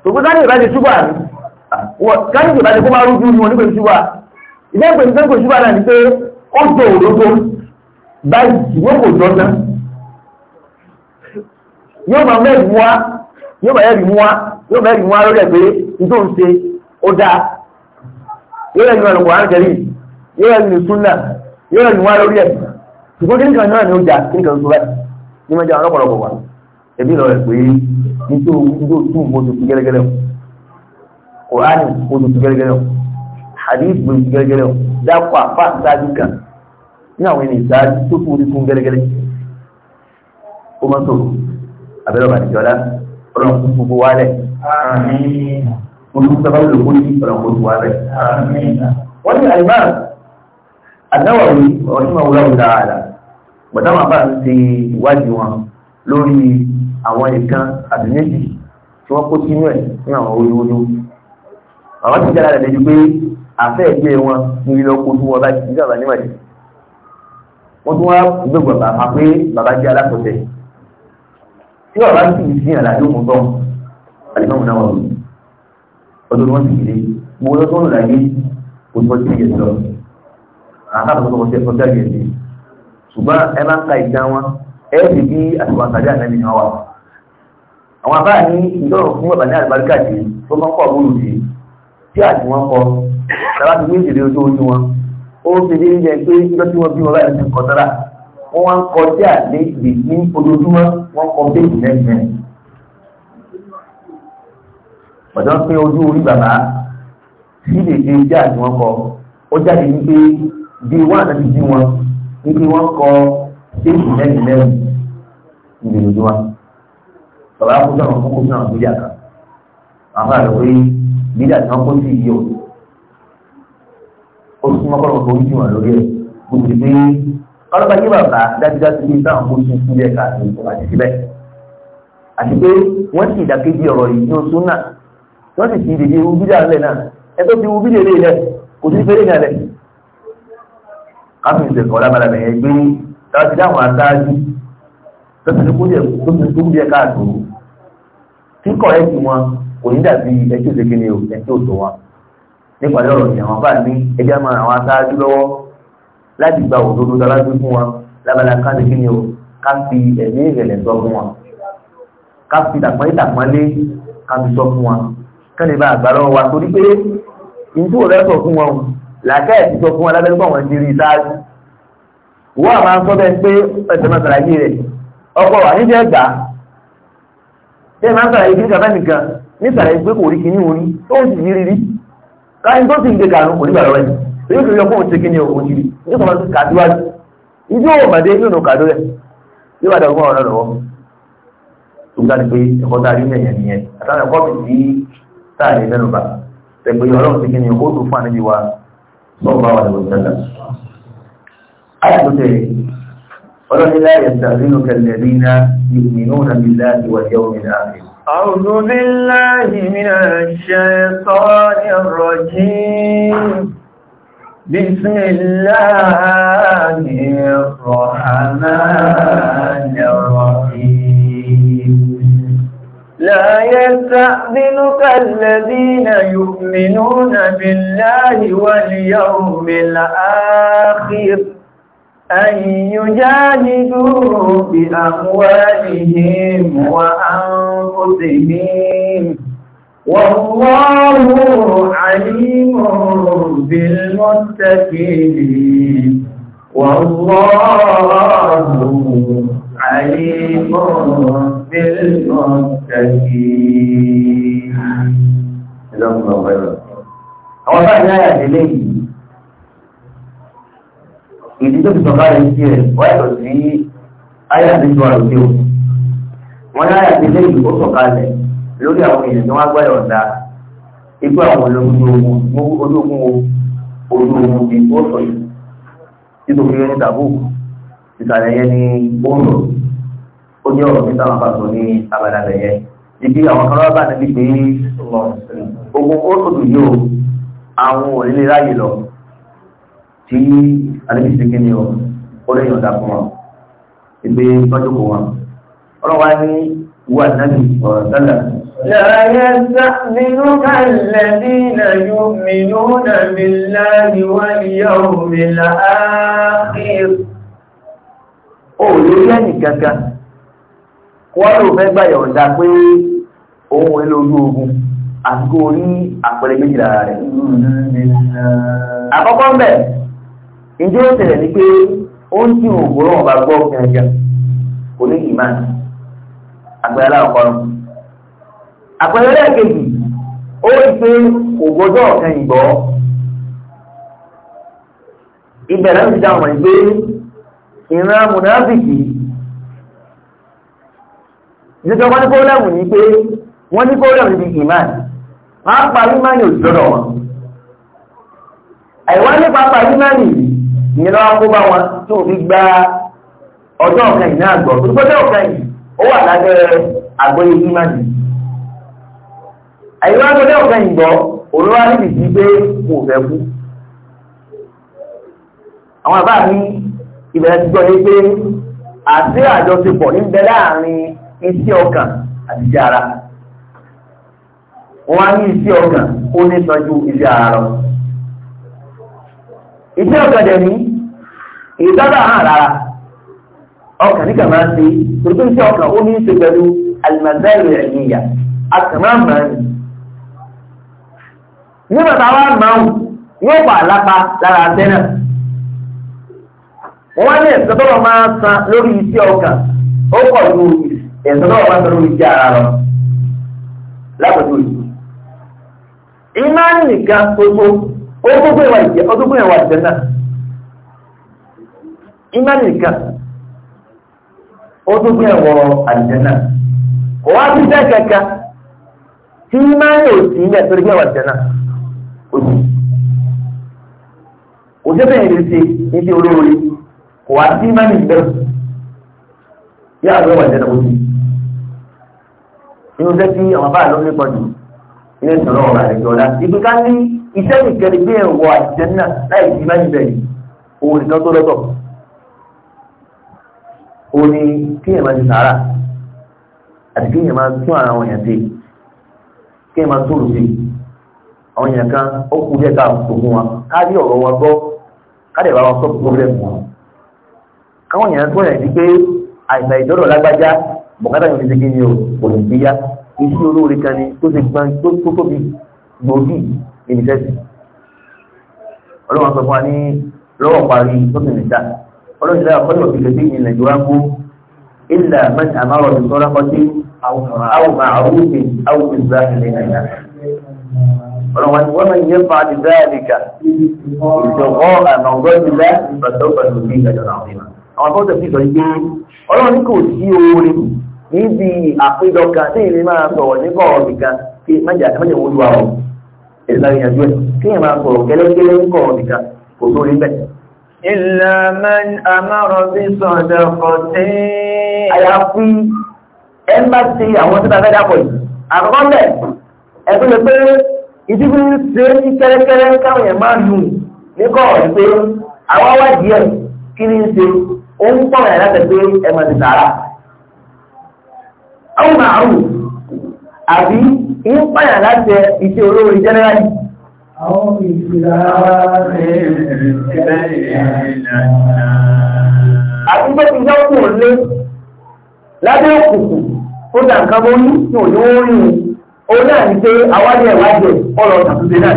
tòkútà ní ìbájẹ́ ṣúgbà rí káyí ìbájẹ́ kó máa rújú wọn nípa ṣúgbà ilé ìpè nípa ìpè ṣúgbà náà ni pé ó jọ òdodo báyìí wọ́n kò jọ ná yóò máa mẹ́rin wá yóò máa mẹ́rin wá yóò mẹ́rin wá lórí ẹ̀ pé ìtò ń ṣe ó dáa yóò rẹ̀ nínú ọ̀rọ̀ kò hàn kẹrí yóò rẹ̀ nínú súnà yóò rẹ̀ nínú wá lórí ẹ̀ ṣùgbọ́n kí nìkan náà ni ó jà kí nìkan tó báyìí ní mẹ́jọ àwọn ọ̀pọ̀lọpọ̀ wà ẹbí lọ rẹ̀ pé nítorí tún mo tuntun gẹ́gẹ́rẹ́ o kòránì mo tuntun gẹ́gẹ́rẹ́ o hadith mo tuntun gẹ́gẹ́rẹ́ o dápò àpá ṣáájú kan ní àwọn ènìyàn ṣáájú tó kú orí fún gẹ́gẹ́rẹ́ ó mọ́ sòrò abẹ́rẹ́ ọ̀bà ìjọba ọlọ́run fún gbogbo wa rẹ̀ olùsọ́bà ló kó ní ọ̀rọ̀ gbogbo wa rẹ̀ wọ́n ní àlùbáà àdáwọ̀ yìí ọ̀rọ̀ tí wọ́n wúlọ́ wúlọ́ àlà pọ̀táwọn àbá ń ṣe ìwádìí wọn lórí àwọn nǹkan àbí méjì tí wọ́n kó sínú ẹ̀ ní àwọn olówó àwọn ti jára rẹ̀ ju pé àfẹ́ ẹgbẹ́ wọn ní ilé ọkọ̀ tí wọ́n bá ti jábà níwájú wọ́n tún wá gbogbo bàbá pé bàbá jẹ́ alákọ̀ọ́tẹ̀ tí bàbá ń tìbí sí àlàyé òkun tán àlìmọ́mù náà wà lórí ọdún wọn sì lè gbogbo ọdún tó ń láyé kò tó ti yẹ sọ àkàtúntò tó ń ṣùgbọ́n ẹ máa ń ka ìjà wọn ẹ sì bí àtìwọ̀n tàbí àtẹ́bí ni wọ́n wà. àwọn àbá ní ìjọrọ̀ fún bàbá ní àlùbáríkà jì tó máa ń pọ̀ bóòlù jì tí àtìwọ̀n kọ tàbá ti gbé ìdèrè ojú ojú wọn ó ti dé jẹ pé ìjọ tí wọ́n bí wọn báyìí ti kọ sára wọ́n wá ń kọ sí àdé ìdè ní ojoojúmọ́ wọ́n kọ béèkì lẹ́gbẹ̀ẹ́. ọ̀dọ́ pé ojú orí bàbá sí ìdè tí ìjà àtìwọ̀n kọ ó jáde ní pé bí wọ́n àtàbí níbi wọ́n kọ séèkì mẹ́rin mẹ́rin níbi ìlú wa bàbá akóso àwọn kókó sínú àwọn bídà kan àwọn àlọ́ pé bídà tí wọ́n kó sí yìí o ó súnmọ́ kọ́ lọ́kọ́ ojú wọn lórí ẹ̀ kò sì pé ọlọ́pàá yí bàbá dájúdájú bí táwọn kó sí sílẹ̀ káàkiri kò àti síbẹ̀ àti pé wọ́n sì ìdàkejì ọ̀rọ̀ yìí ní oṣù náà wọ́n sì ti dèdè wú bídà lẹ̀ náà ẹ tó fi wú bídà lẹ̀ kò sí fẹ́rẹ̀ náà lẹ̀ káfíń ṣe kọ̀ lábalábẹ̀ yẹn gbé láti dáhùn aṣáájú tó ti kú díẹ̀ tó ti kú díẹ̀ káàtó kíkọ̀ ẹ̀ tí wọn kò ní dàbí ẹtí òṣèké ni ẹtí òtò wọn nípa lọ́rọ̀ ni àwọn bá ní ẹjẹ́ máa àwọn aṣáájú lọ́wọ́ láti gba òdodo dálájú fún wọn lábala ká ṣe kí ni o ká fi ẹ̀mí ìrẹ̀lẹ̀ sọ fún wọn ká fi tàpọ́nlé tàpọ́nlé ká fi sọ fún wọn kẹ́ni bá àgbà lọ́wọ́ wa torí pé ìdúró rẹ̀ sọ fún wọn làkẹ́ ti sọ fún alábẹ́rẹ́ pọ̀ wọ́n ti rí sáájú wọ́n àmà ń sọ bẹ́ẹ̀ pé ẹ̀sẹ̀ máa sàlàyé rẹ̀ ọkọ̀ wà níjẹ́ ẹ̀gbá ṣé máa ń sàlàyé kí kàfẹ́ nìkan ní sàlàyé pé kò rí kíní orí tó ń sì rí rí káyín tó sì ń gbẹ̀gà kò nígbà lọ́wọ́ yìí èyí kìí yọ fóun ṣe kíní òun jírí ní kọ̀ọ̀mọ́ sí kàdúwájú ìjọ òmàdé nínú kàdó rẹ̀ yóò wà dàgbọ́n ọ̀rọ̀ lọ́wọ́ صلى الله عليه وسلم أكثر آية ولكن لا يستأذنك الذين يؤمنون بالله واليوم الآخر أعوذ بالله من الشيطان الرجيم بسم الله الرحمن الرحيم لا يستأذنك الذين يؤمنون بالله واليوم الآخر أن يجاهدوا بأموالهم وأنفسهم والله عليم بالمتقين والله عليم بالمتقين جزاكم الله خيرا àwọn bá ní àyà délé yìí ìdí tó fi sọ̀ká rẹ̀ sí rẹ̀ wọ́n yàtọ̀ sí àyà tó ti wà lókè o wọ́n ní àyà délé yìí ó sọ̀ká rẹ̀ lórí àwọn èèyàn tó wá gbọ́dọ̀ ọ̀dà ikú àwọn ológun ológun ológun ni ó sọ yìí nítorí ẹni tàbú ìsàlẹ̀ yẹn ni ó ń rọ̀ ní ọ̀rọ̀ nígbà wọn bá sọ ní abala lẹ̀yẹ ibi àwọn kan lọ́wọ́ bá níbi pé ogun kóòtù yìí o àwọn òrìlè ráyè lọ tí alẹ́bíṣẹ́ kí ni o ó lè yọ̀ǹda fún wọn ìgbé tọ́jú kò wọn ọlọ́wọ́ ní wà nábì ọ̀rọ̀ sálà. Láyé sàmínú kàlẹ́bí na yóò mìnú na mi láàrí wọ́n ló fẹ́ gbà yọ̀ǹda pé ohun èlò ojú ogun àti kó àpẹẹrẹ rẹ̀. àkọ́kọ́ ń bẹ̀ ìjọ ó tẹ̀lẹ̀ ní pé ó ń tí òògùn náà bá gbọ́ kẹrẹkẹrẹ kò ní ìmá àpẹẹrẹ àpẹẹrẹ lẹ́ẹ̀kejì ó rí pé ìjọba wọn ní pọ́lẹ́mù ní pé wọ́n ní pọ́lẹ́mù ní ìmáàn máa pa ìmáàn yóò dọ́dọ̀ wọn àìwá nípa pa ìmáàn yìí ìyẹn lọ́wọ́ kó bá wọn tó fi gba ọjọ́ ọ̀kan yìí náà gbọ́ tó gbọ́dọ̀ ọ̀kan yìí ó wà lábẹ́ àgbọ́yé ìmáàn yìí àìwá gbọ́dọ̀ ọ̀kan yìí gbọ́ olówó àríbi sí pé kò fẹ́ kú àwọn àbá mi ìbẹ̀rẹ̀ ti gbọ́ yé pé àti àjọṣepọ̀ ń bẹ láàrin iṣẹ́ ọkàn àti iṣẹ́ ara wọ́n á ní iṣẹ́ ọkàn ó ní sanjú iṣẹ́ ara lọ iṣẹ́ ọkàn dẹ̀ ní ìdábà hàn rárá ọkàn níkà máa ń ṣe torí pé iṣẹ́ ọkàn ó ní í ṣe pẹ̀lú alimazari ẹ̀yìnyà akàmáàmà ni nígbà táwa máa ń yóò pa àlápa lára abẹ́ náà wọ́n ní ẹ̀sán tó lọ máa san lórí iṣẹ́ ọkàn ó pọ̀ ju ẹ̀sùn náà wá sọ́rọ̀ ìjẹ́ ara lọ lápòjú yìí. ìmáàní nìkan gbogbo ó gbogbo ìwà ìjẹ́ ó gbogbo ìwà ìjẹ́ náà ìmáàní nìkan ó gbogbo ìwà àìjẹ́ náà kò wá sí jẹ́ kankan tí ìmáàní ò sí ilẹ̀ inú jẹ́ kí àwọn báyìí ló nípa jù ilé ìtọ́lọ́ ọ̀rọ̀ àrẹ̀jọ́ ọ̀la ibi ká ní iṣẹ́ ìkẹrì gbé ẹ̀wọ̀ àjẹ́ náà láì sí bá níbẹ̀ yìí òun nìkan tó lọ́tọ̀ òun ni kí èèyàn máa ti sàárà àti kí èèyàn máa tún ara àwọn èèyàn sí kí èèyàn máa tún òrùsí àwọn èèyàn kan ó kú díẹ̀ ká tó fún wa ká ọ̀rọ̀ wọn gbọ́ ká lè bá wọn sọ pọ́blẹ́mù wọn káwọn èèyàn tó yẹn bùkátà yìí ti kíni o kò ní bí yá iṣẹ́ olóore kan ni tó ti gbọ́n tó tóbi gbòógì ìníṣẹ́sì ọlọ́wọ́n sọ fún wa ní lọ́wọ́ parí tó ti nìta ọlọ́wọ́n ti dára fọ́nà òfin lè fi ìrìn àjò wá kú ilà mẹ́ta àmárọ̀ ní sọ́ra kọ́tí àwọn àrùnfin àwọn ìgbà ilẹ̀ nàìjíríà ọlọ́wọ́n ni wọ́n máa ń yẹ fa àdìgbà àdìgbà ìjọ̀wọ́ àmọ̀gbọ́n ti dá ìbàdàn pẹ̀lú bí ìgbàjọ́ náà àwọn tó tẹ̀sí sọ gbé ìlà man amara bí sọ̀dọ̀ kọ̀ sí. àyàfi ẹmbàtí àwọn tí tàbí dàpọ̀ yìí àkọ́kọ́ bẹ̀ ẹ̀kọ́ lè pé ìdíbí ṣe ní kẹ́lẹ́kẹ́lẹ́ káwọn èèyàn máa lù nípa ọ̀rọ̀ pé àwọn díẹ̀ kí ní ṣe ó ń tọ̀rọ̀ ẹ̀ láti pé ẹ máa ti sàárà. àwọn màrún àbí ń pààyàn láti iṣẹ́ olóore jẹ́nẹ́rálì. àwọn ìṣúra rẹ̀ ṣẹlẹ̀ ìlànà. àti pé ti jẹ́ kò lé lábẹ́ òkùnkùn tó dà nǹkan mọ́ ní tí ò ní ó rí wọn. ó náà ní pé àwájẹ ìwájẹ ọlọ́ọ̀tà tó dé náà.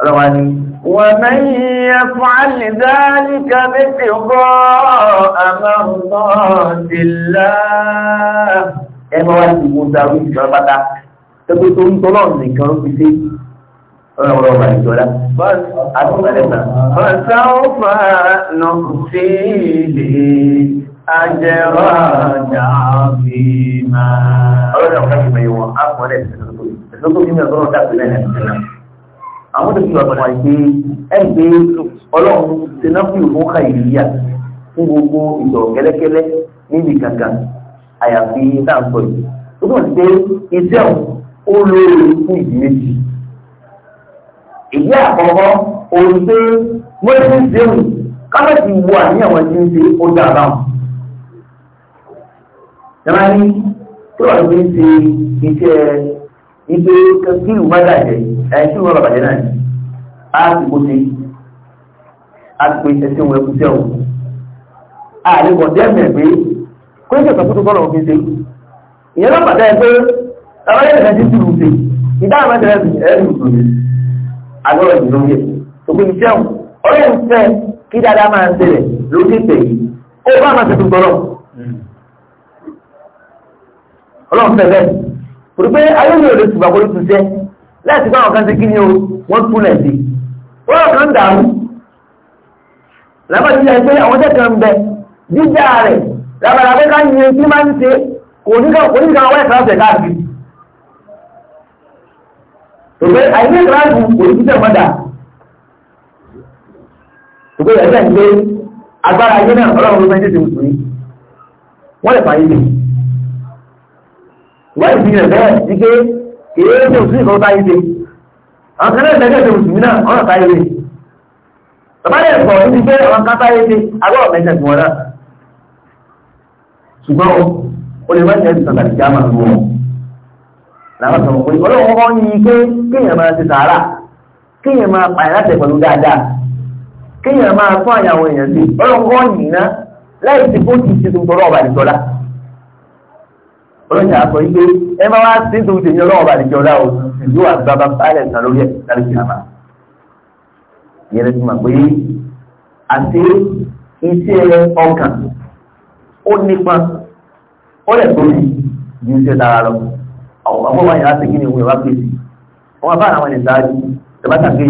ọlọ́wà ni. ومن يفعل ذلك ابتغاء مرضات الله ẹ máa wá sí ìwúta orí ìjọba pátá tẹ́gbẹ́ tó ń tọ́lọ̀ nìkan ló fi dé ọlọ́run ọba ìjọba àtúntàlẹ́sà. fọ́sáwọ́fà nà sí ilé ajẹ́rọ̀ àjàbí máa. ọlọ́run ọ̀gá ìgbẹ̀yìn wọn á pọ̀ lẹ́sìn tó tó àwọn tó fi wà fún àìgbé ẹgbẹ́ ọlọ́run ti náà fi òun ka ìrìyà fún gbogbo ìjọ kẹ́lẹ́kẹ́lẹ́ níbi kankan àyàfi náà sọ yìí tó kàn sí pé iṣẹ́ ò lóore fún ìdí méjì ìdí àkọ́kọ́ òun pé wọ́n ti ń ṣeun kábẹ́ẹ̀tì wo àníyàn wọn ti ń ṣe ó dáa báwọn. Yàrá ní tó wà ní ṣe iṣẹ́ ipe kílù má bàjẹ́ ẹ̀ṣin wọn bàjẹ́ náà ni a ti kó sí a ti pe ẹsẹ̀ wọn ẹkú sẹ́wọ̀n a lè kọ̀ dẹ́mẹ̀ pé kó ní ìṣẹ̀kọ̀ tó tọ́lọ̀ fi ṣe ìyẹn náà bàtà ẹ pé ẹwà yẹn nìkan ti ti rù ṣe ìdáhùn mẹ́ta ẹ̀sìn ẹ̀sìn rù ṣe agbọ́dọ̀ jù lóye òpin ìṣẹ́wọ̀n ó lè fẹ́ kí dáadáa máa ń ṣẹlẹ̀ lókè pẹ̀ ó bá máa ṣe tuntun hmm. ọlọ́run fẹ́ bẹ́ẹ̀ pẹ̀lú pé ayé mi ò lè tùbà kó ló tún sẹ́ láti bá àwọn kan ṣe kí ni o wọ́n tún lẹ̀ sí wọ́n kàn ń dàrú làbàtí ṣe pé àwọn tẹ̀sán ń bẹ jíjà rẹ̀ làbàlàbẹ́ ká ní ẹni tí máa ń ṣe kò ní ká wáyé kíláàsì ẹ̀ káàkiri tòbẹ́ àìní kíláàsì kò ní tẹ̀ mọ́dà tòbẹ́ ẹ̀sẹ̀ ń gbé agbára ayé náà ọlọ́run ló fẹ́ tètè mùsùlùmí wọ́n lè fàyè lè wọ́n fi rẹ̀ bẹ́ẹ̀ sí pé kìí ṣe òsì kan táyé ṣe àwọn náà tẹ́lẹ̀ ṣe òsì náà ọ̀nà táyé ṣe bàbá yẹn sọ̀rọ̀ pé agbọ́ wọ́n ṣùgbọ́n o lè wáyé ẹ̀sùn a máa wọ́n pé ọlọ́wọ́ wọn pé máa ti sàárà máa pààyàn láti pẹ̀lú dáadáa máa àyàwó èèyàn sí ọlọ́wọ́ wọn ọlọ́jà àkọ́ yí pé ẹ máa wá sí tó tèmi ọlọ́wọ́ bá nìjọ dá o ìlú àti bàbá báyìí ẹ̀sán lórí ẹ̀ láti fi àmà. ìyẹn ló ti mọ̀ pé àti iṣẹ́ ọkàn ó nípa ó lẹ̀ tó yìí ju iṣẹ́ dára lọ. àwọn ọmọ wa yàrá segin ní ìwé wa pèsè wọn bá àwọn ẹni sáájú tẹ̀bá tàbí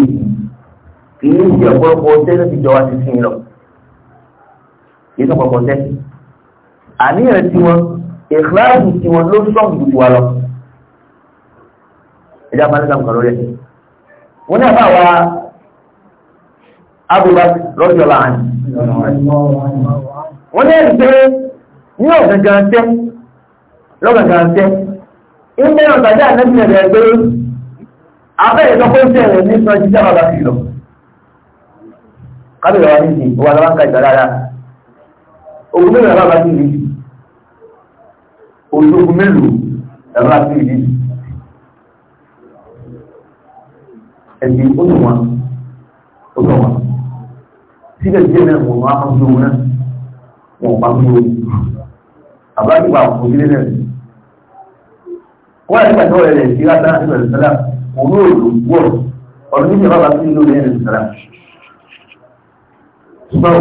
kì í ṣe ọ̀pọ̀lọpọ̀ ọtẹ́ ló ti jọ wá sí sí lọ. ìṣọ̀pọ̀pọ̀ ọtẹ́ àníyàn ìkíláàsì tí wọn ló sọ̀rọ̀ ju tiwa lọ ẹ̀dá máa ń sàn kan lórí ẹ̀ wọ́n ní àbá wa abúlé lọ́jọ́ láàánú wọ́n ní ẹ̀rí pé ní ọ̀gángan tẹ́ lọ́gángan tẹ́ ilé ọ̀gájà nẹ́bí rẹ̀ pé abẹ́rẹ́ lọ́kọ́ ìṣẹ̀lẹ̀ ní sọ jíjá bàbá fi lọ kábíyà wa ní ìsìn ìwà lọ́wọ́ ń ka ìgbà dáadáa òun mẹ́rin bàbá fi rí ológun mélòó ẹ̀rọ àti ìdí ẹ̀dì olùwà olùwà síbẹ̀ díẹ̀ náà wọ́n wá máa ń lówó náà wọ́n bá ń lówó àbájúbà òkúlé náà wọ́n yà nígbà tó rẹ̀ lẹ̀ sí látà àti ìbẹ̀rẹ̀ sẹ́lá òun yóò lò wọ̀ ọ̀rọ̀ níbi ìjọba bá sí ìlú rẹ̀ lẹ̀ sẹ́lá ṣùgbọ́n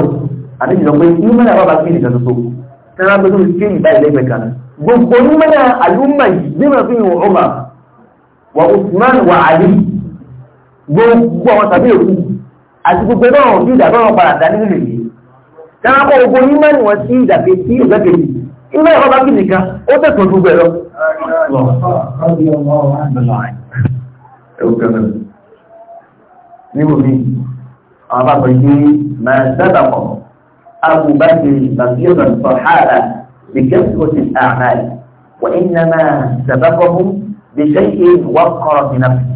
àdéjìlọ pé ní mẹ́rin àbábá sí ìjọba tó tẹ́lá gbé gwaggwani mana al'umma jima fi yin umar wa usman wa ali gbogbo àwọn tàbí òkú àti gbogbo náà wọn fi ìdàgbọ́n wọn padà dání nílùú yìí káwọn kọ ogun onímọ̀ ni wọ́n sí ìdàgbé sí ìgbàkejì ìmọ̀ ẹ̀rọ bá kí nìkan ó tẹ̀sán ojú bẹ̀rọ. níbo mi àwọn bá بكثرة الأعمال وإنما سبقهم بشيء وقر في نفسه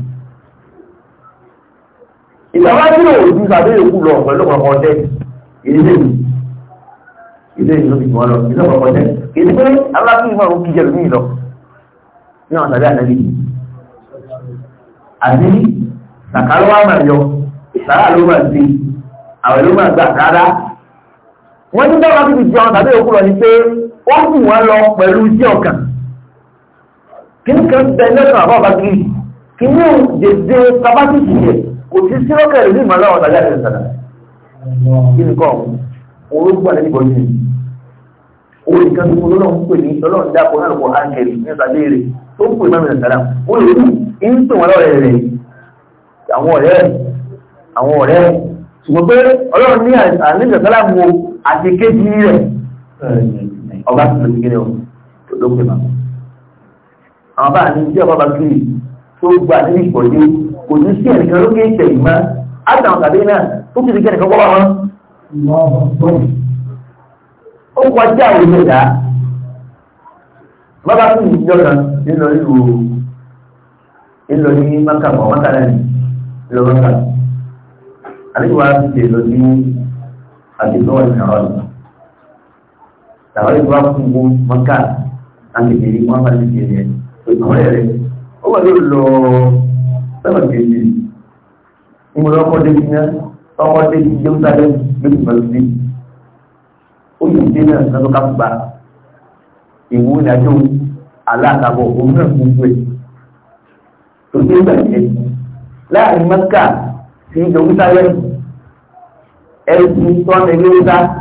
ìgbàwájú ló ti sàbẹ̀ èkú lọ pẹ̀lú ọ̀pọ̀ ọ̀dẹ́ ilé ìlú ilé ìlú ti wọ́n lọ ilé ọ̀pọ̀ ọ̀dẹ́ èdè pé aláàbí ìmọ̀ òun kìí jẹ̀rù ní ìlọ ní ọ̀nà tàbí àtàbí àti sàkàlọ́ wà máa yọ sàrà ló máa ti àwẹ̀ ló máa gbà rárá wọ́n ti dáwọ́ láti fi jẹun tàbí èkú lọ ni pé ó kù wọ́n lọ pẹ̀lú iṣẹ́ ọ̀kan kí ní kan bẹ lẹ́sàn àbọ̀ bá kiri kí ní dèdè sabátìkì yẹ kò sí sírọ́kẹ̀ ìlú ìmọ̀lá ọ̀nà àjá àti ìsàlẹ̀ kí ni kọ́ òun ló gbà lẹ́yìn bọ́jú yìí òun nìkan tó kúrò lọ́wọ́ ń pè ní ọlọ́run dápọ̀ náà lọ́wọ́ ángẹ̀rì ní ìsàlẹ̀ rẹ̀ tó ń pè mọ́ ìrìn sàlá ó lè rí ń tò wọn lọ́rẹ̀ rẹ̀ àwọn ọ̀rẹ́ àwọn ọ̀rẹ́ ṣùgbọ́n pé ọlọ́run ní àníjọ̀ sálàmù àti kéjì rẹ̀ ọba tó lórí gẹ́gẹ́ tó lókè mọ́. àwọn bá ní tí ọba bá kiri tó gba ní ìpọ̀dé kò ní sí ẹnìkan lókè ìtẹ̀yìn mọ́ àtàwọn tàbí náà tó kìí kẹ́nìkan wọ́n wọn. ó kọjá òun ẹ̀dá bàbá tó yìí jọ kan nínú ìlú ìlú ní mákàmọ́ mákàlẹ́ lọ́wọ́ kan àdéhùn wa ti lè lọ sí àdéhùn ìkàrọ̀ ọ̀dọ̀ tàbí ìgbà fún wọn mọ́ká àgbègbè wọn bá ti gbèrè ìkọ́rẹ́ rẹ̀ ó wà ló lọ sọ́nà kejì ìmọ̀ lọ́kọ́ débi náà ọkọ̀ débi jẹ́ sáré lórí ìmọ̀lùmí ó yìí dé náà lọ́dọ́ kápùbà ìwú ìdájọ́ aláàtàbọ̀ òun náà gbogbo ẹ̀ tó dé ìgbàjẹ́ láàrin mọ́ká sí ìjọ wúsáré ẹ̀sìn tọ́nà ilé wúsáré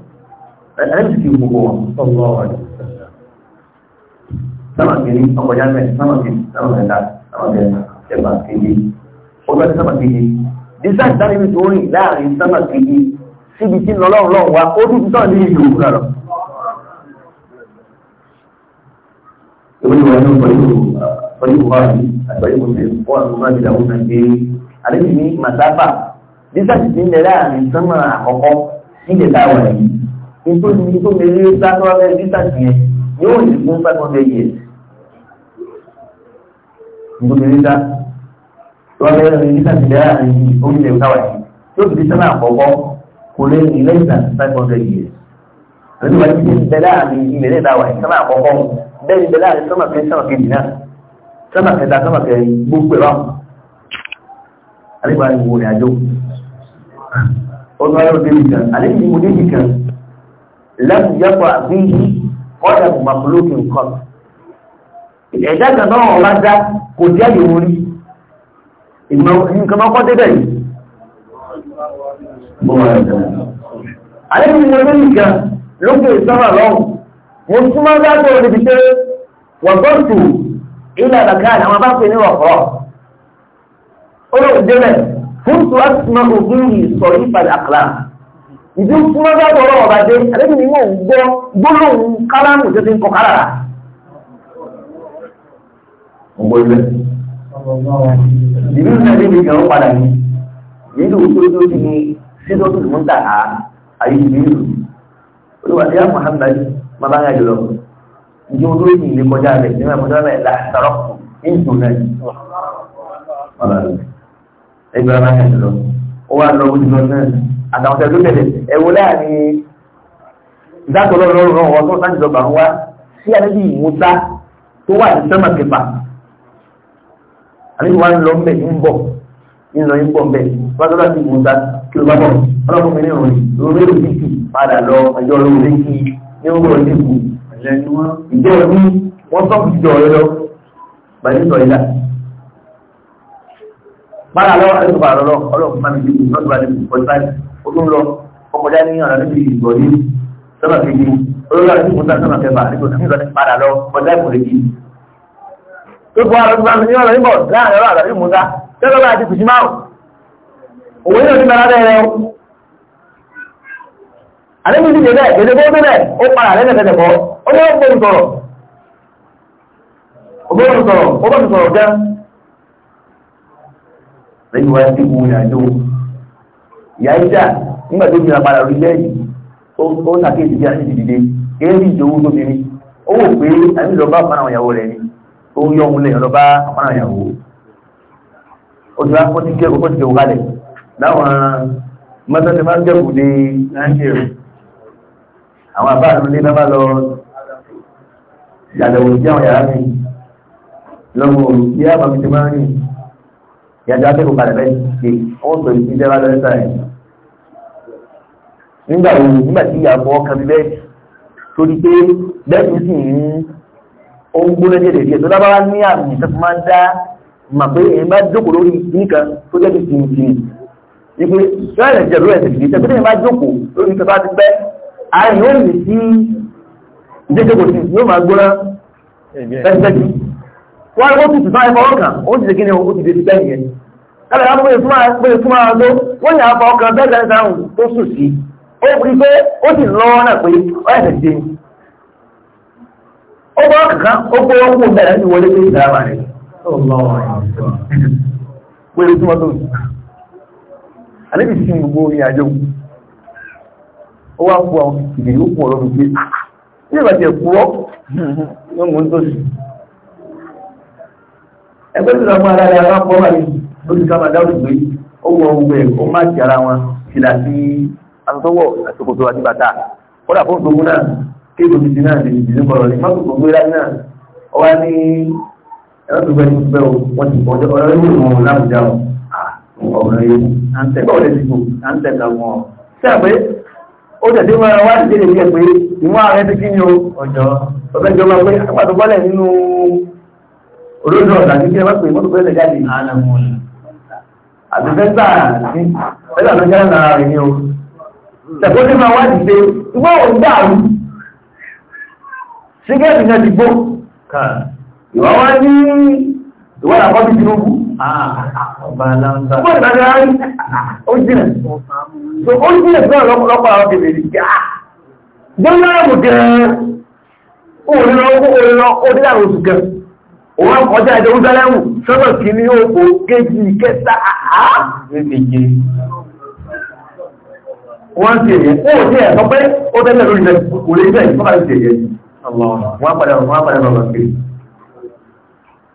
ẹ̀ẹ́dì gbogbo wọn sọ́gbọ́ ọ̀rọ̀ sábàkiri ọkọjá mẹ́ sábàkiri sábàkẹ́dá sábàkẹ́dá sábàkiri ọgbẹ́ sábàkiri dísà ìdánimí tó rìn láàrin sábàkiri síbi tí lọ́lọ́run lọ́run wa ó dúdú tán ní ìlú òkúra lọ. ìwé ìwé pẹ̀lú pẹ̀lú buhari àgbẹ̀lú mùsùlùmí fún àwọn ọmọ ìdàgbò nàìjíríà àdébìí ní màsáfà dísà ìdínlẹ̀ láàrin sánmà àkọ́kọ́ sílẹ̀ táwọn yìí ètò ìdíje tó lè rí sáfẹ́wá bẹ́ẹ̀ ní sàtì yẹn yóò lè fún sáfẹ́wá bẹ́ẹ̀ yẹ. Ìgbò lè rí sá wọ́n bẹ́ẹ̀ rí ní sàtì lẹ́yà rí orílẹ̀ káwá yìí tó ti di sẹ́nà àkọ́kọ́ kò lè rí lẹ́yìn sàtì sáfẹ́wá bẹ́ẹ̀ yẹ. Àti wọ́n ti bẹ̀ láàrin ilẹ̀ lẹ́dà wà sẹ́nà àkọ́kọ́ bẹ́ẹ̀ ni bẹ̀ láàrin sọ́mà kẹ́ sọ́mà kejì náà sọ́mà kẹta sọ́mà kẹ gbogbo ẹ̀ báwọn. Àlébà ìwò ìrìn àjò. Ó tún wáyé òde ìkan, àlébà ìwò ìdí ìkan, lẹ́nu yẹ́pọ̀ àbí ọ̀dà màmúlòkè nǹkan. ẹ̀dá kan náà wọ́n bá dá kò jẹ́ ìwò rí nǹkan máa kọ́ débẹ̀ yìí. alẹ́ mi mo lórí nǹkan lókè sọ́rọ̀ lọ́wọ́ mo súnmọ́ dáàbò níbi pé wọ́n gbọ́ tù ilẹ̀ àbàkà àwọn bá pè ní ọ̀pọ̀ ó lóun débẹ̀ fún tùwá tí mo kò gbé ìsọ̀rí padà kàlá ìdí súnmọ́dá tọrọ ọ̀bá dé àdébì ni wọ́n gbọ́ gbólóhùn kálámù tó ti ń kọ kálára. ọgbọ́ ilẹ̀ ìlú ìlú ìlú ìjọ ń padà ní nínú òṣèlú tó ti ní Muhammad bàbá ń yàjọ lọ ìjọ olóyìn ilé kọjá rẹ̀ nígbà mọ́tò rẹ̀ lásàrọ̀ ìjọ náà ẹgbẹ̀rún ń yàjọ lọ ó wá lọ ojú lọ náà àtàwọn tẹ̀lé tẹ̀lé ẹ̀wò láàrin ìdájọ́ ọlọ́run lọ́rùn náà wọ́n tó sáà ìjọba wá sí àdébí ìmúta tó wà ní sẹ́mà kẹfà àdébí wá ń lọ mbẹ ń bọ̀ ń lọ ń bọ̀ mbẹ wá tó láti ìmúta kí ló bá bọ̀ ọlọ́run mi ní ìròyìn lórí èrò títì padà lọ ẹjọ́ lórí létí ní ó wọ̀ ní ìjọ ní wọ́n sọ bára lọ ẹni tó bá lọ ọlọ́run máa ń di ìlú lọ́dún àdébù forty five ọdún lọ ọkọjá ní ọ̀nà níbi ìgbọ̀dí sọ́nà kejì olórí àti ìmúta sọ́nà kẹfà àti ìgbọ̀dí nígbà tí padà lọ ọjà ìkùn lèkì. tó bọ́ àrùn gbàmù ní ọ̀nà níbọ̀ láàrin ọ̀rọ̀ àtàrí ìmúta tẹ́lẹ̀ bá àti kùsùmáwò òwe yóò ní bára bẹ́ẹ̀ rẹ o. àdébù ti dé bẹ́ẹ̀ gèdè bó bẹ́ẹ̀ ó para lẹ́sẹ̀kẹsẹ̀ bọ́ ó bẹ́ẹ̀ lẹ́yìn wá sí ìwúrin àjò ìyá ìjà nígbà tó fìlà padà orí lẹ́yìn ó sàkéèsì bí a ti dìde eré ìjòwó lóbìnrin ó wò pé àbí lọ bá ọ̀pá àwọn ìyàwó rẹ̀ ni ó ń yọ ohun lẹ́yìn lọ bá ọ̀pá àwọn ìyàwó ó ti wá fún ti kẹ́kọ̀ọ́ ti kẹ́kọ̀ọ́ kalẹ̀ láwọn mọ́tọ́tẹ́ máa ń jẹ́kù ní nàìjíríà àwọn àbá àdúgbò náà bá lọ ìyàlẹ̀wò sí àwọn yàrá mi lọ́wọ́ bí a máa fi ti máa ń rìn ìyájọ́ akẹ́kọ̀ọ́ kalẹ̀ bẹ́ẹ̀ ṣe ọwọ́ pẹ̀lú ti dẹ́rẹ́ lọ́sà rẹ̀ nígbà wo nígbà tí ìyá fọwọ́ kan bẹ́ẹ̀ torí pé bẹ́ẹ̀ sì ń ó ń gbóná jẹ́jẹ́ díẹ̀ tó dábàá a àmì tó máa ń dá mà pé èyí bá jókòó lórí nìkan tó jẹ́ ti tìǹtìǹ ìpè sọ́ọ̀rẹ̀ jẹ̀rọ ẹ̀ tẹ̀sí tẹ̀sí tẹ̀sí bá jókòó lórí tẹ̀sí ti pẹ́ àárín ó lè sí ìdẹ́jọ́kòó sí yóò máa gbóná pẹ́sẹ́jì wọ́n ó tutù sáà ẹ̀fọ́ ọkàn ó ti dèkí ni ó ti dèkí bẹ́ẹ̀ yẹn kálẹ̀ láti bóyá súnmọ́ bóyá súnmọ́ ara wọ́n yà á fọ ọkàn bẹ́ẹ̀ sẹ́yìn sáà tó sùn sí ó fi pé ó sì lọ́wọ́ náà pé ó yà tẹ̀ ó bọ́ kankan ó gbé owó bẹ̀rẹ̀ ní wọlé pé ìdára rẹ̀ wọ́n súnmọ́ tó sùn àlébi sí gbogbo àjọ ó wá kú àwọn ó kú ọ̀rọ̀ ẹgbẹ́ tó lọ́mọ ara rẹ̀ alápọ̀ wà ní olùkàmà dáwùdù gbé ó wọ ohun ẹ̀ kó má ti ara wọn fìlà sí asọ́wọ́ àtòkòtò àti bàtà kódà fún òṣogbo náà kéèkó ti ti náà lè jì ní kọ̀rọ̀ ní mọ́tò tó gbé láti náà ó wá ní ẹ̀rọ tó gbé ní pẹ́ o wọ́n ti pọ̀ ọjọ́ ọ̀rọ̀ yóò mọ̀ láwùjá o ọ̀rọ̀ yẹn báwo lè ti kù à olóòtú ọ̀dà ní kí wọ́n pè mọ́tò pẹ́lẹ̀ jáde àtìfẹ́sà ní pẹ́lá ló jẹ́ náà rẹ̀ ní o tẹ̀kọ́ tí máa wá ti pé ìwọ́ òun dáàrú sígẹ́ẹ̀tì náà ti gbó ìwọ́ wá ní ìwọ́ làkọ́ bí Tinubu ọgbọ́n ìgbàgbà rí ó jìnà tó ó jìnà sí ọ̀lọ́pọ̀ àwọn bèbè rí gáà gbọ́n láàmù gẹ̀ẹ́ òun lọ òun lọ ó dé láàrú oṣù gẹ̀ẹ́ òun kọjá ìdẹ́wúsálẹ́wù sọ́nà kí ní òkò kéjì kẹta àá méje wọ́n ti èyẹ ó ti ẹ̀ sọ pé ó tẹ́lẹ̀ lórí ilẹ̀ kò lè jẹ́ ìfọ́nà ti èyẹ wọ́n padà wọ́n padà lọ́wọ́ pé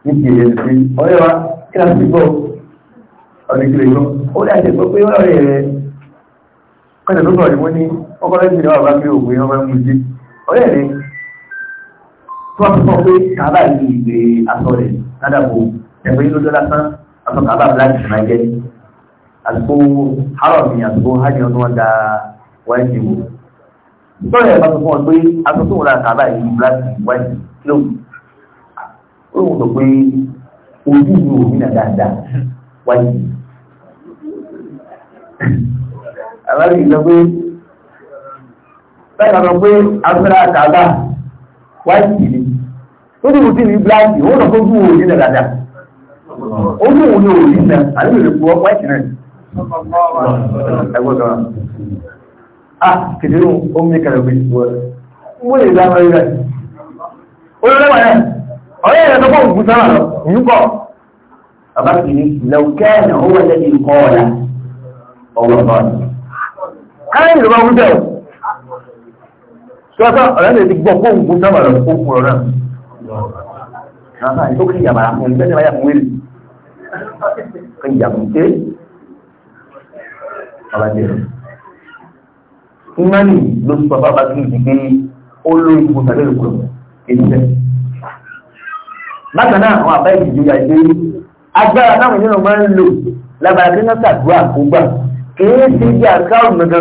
ní ti èyẹ sí ọ̀rẹ́ wa kí láti gbọ́ ọ̀rẹ́ kiri gbọ́ ó lè àti gbọ́ pé ọ̀rẹ́ rẹ̀ kọ́jà tó sọ̀rọ̀ ni wọ́n ní ọkọ̀ lẹ́sìn ìdáwà bá kí òògùn ọmọ ẹ̀ mú tó sọ pé kàbá yìí gbé aṣọ rẹ̀ ládàbò ẹ̀fọ́ yìí lójó lásán aṣọ kàbá bíláàkì ṣẹ̀máì jẹ́ àsìkò hárọ̀ mi àsìkò hajj ọdún wọn da wáìnì wò. sọ́ọ̀rọ̀ ẹ̀ bá sọ fún ọ pé aṣọ tó wọ́n ra kàbá yìí bíláàkì wáìnì kí ló ó wù sọ pé ojú mi ò ní dáadáa wáìnì. àwọn ìgbà pé bẹ́ẹ̀ ká sọ pé aṣọ ra kàbá wáìtì ni ó ní kùtì ní bíláàkì ó lọ sójú òní nà dáadáa ó ní òní òní nà àlejò lè fún ọ wáìtì náà ẹgbẹ́ kan ah kìdìrún ó mú ní kẹlẹ̀ òbí mo lè dá ọmọ rẹ̀ náà ọ̀rẹ́ rẹ̀ tó kọ́ sára lọ nígbọ́ bàbá kì í lẹ́ọ̀kẹ́ ẹ̀nà ó wẹ́lẹ́ ní kọ́ ọ̀la ọ̀wọ̀ bọ́ọ̀lù káyọ̀ ìjọba wúdẹ̀ tọ́tọ́ ọ̀rẹ́ lè ti gbọ́ fóun fún sábà lọ fún fún ọ̀rẹ́ náà tó kí ìyàmà àwọn ìgbẹ́ni wáyà fún wíìlì kí ìyàmà ń ké ọba jẹ́ ìmánì ló sọ bàbá kí ìdí pé ó lórí ipò tàbí ìrùkọ̀ èyí jẹ́ bákan náà àwọn àbá ìdíje yà gbé agbára táwọn ènìyàn máa kí wọ́n ṣe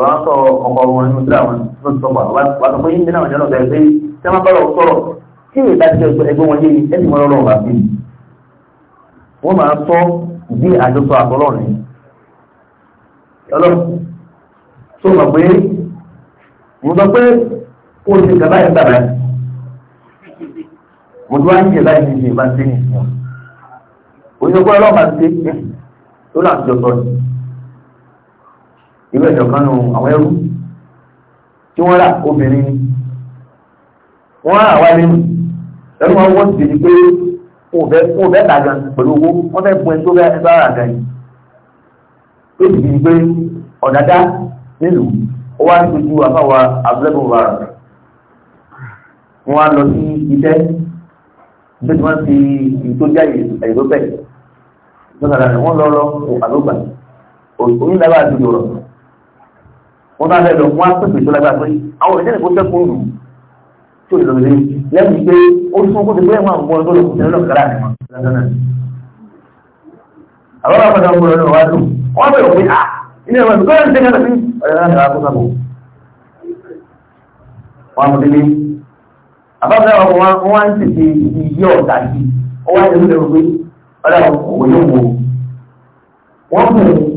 bàbá wọn sọ ọkọ wọn nínú sílẹ̀ wọn ló ti sọpọ̀ wà sọ pé yín nínú àwọn ìjọba bẹ̀rẹ̀ pé tí wọ́n bá lọ sọ̀rọ̀ kí ni ìdájí ẹgbẹ́ wọn yé ni ẹni wọn lọ́rọ̀ wà bí wọ́n máa sọ bí àjọsọ àtọ́lọ́ ni ọlọ́run tó mọ̀ pé mo sọ pé kó o ti gàbá ẹ̀ gbàgbà mo tún wá ń jẹ báyìí ní ìbá sí ni òyìnbó ọlọ́pàá ti ṣe láti jọ sọ ìlú ẹ̀jọ̀ kan nù àwọn ẹrú tí wọ́n rà obìnrin ni wọ́n rà wá nínú ẹrú wọn wọ́n ti di pé wọ́n fẹ́ tà gan pẹ̀lú owó wọ́n fẹ́ bu ẹni tó fẹ́ bá rà gan yìí ó sì di pé ọ̀dàdá nílùú ó wá ní ojú àbáwa abúlẹ́bùn bàrà wọ́n á lọ sí iṣẹ́ bí wọ́n ti tó jáde ẹ̀yìn tó bẹ̀ lọ́sàdánù wọ́n lọ lọ àlọ́gbà òyìnbá bá ti dòrò wọ́n bá fẹ́ lọ wọ́n á pèsè ìṣọ́lá gbà pé àwọn ìṣẹ́lẹ̀ kó tẹ́kùn rù tí ò lè lọ́wọ́ lẹ́yìn pé ó sún kó ti pé ẹ̀wọ̀n àwọn ọmọ ọdún lọ́wọ́ lọ́wọ́ kára àdìmọ́ lọ́dọ́nà. àwọn bá padà wọ́n lọ́wọ́ wá dùn wọ́n bẹ̀rẹ̀ pé à ilé ẹ̀wọ̀n ìgbọ́n ń tẹ́kẹ́ lọ́sí ọ̀rẹ́ láti wá kó sábò. wọ́n mú délé àbáfẹ́ ọkọ̀ wọn wá ń tètè iye wọ́n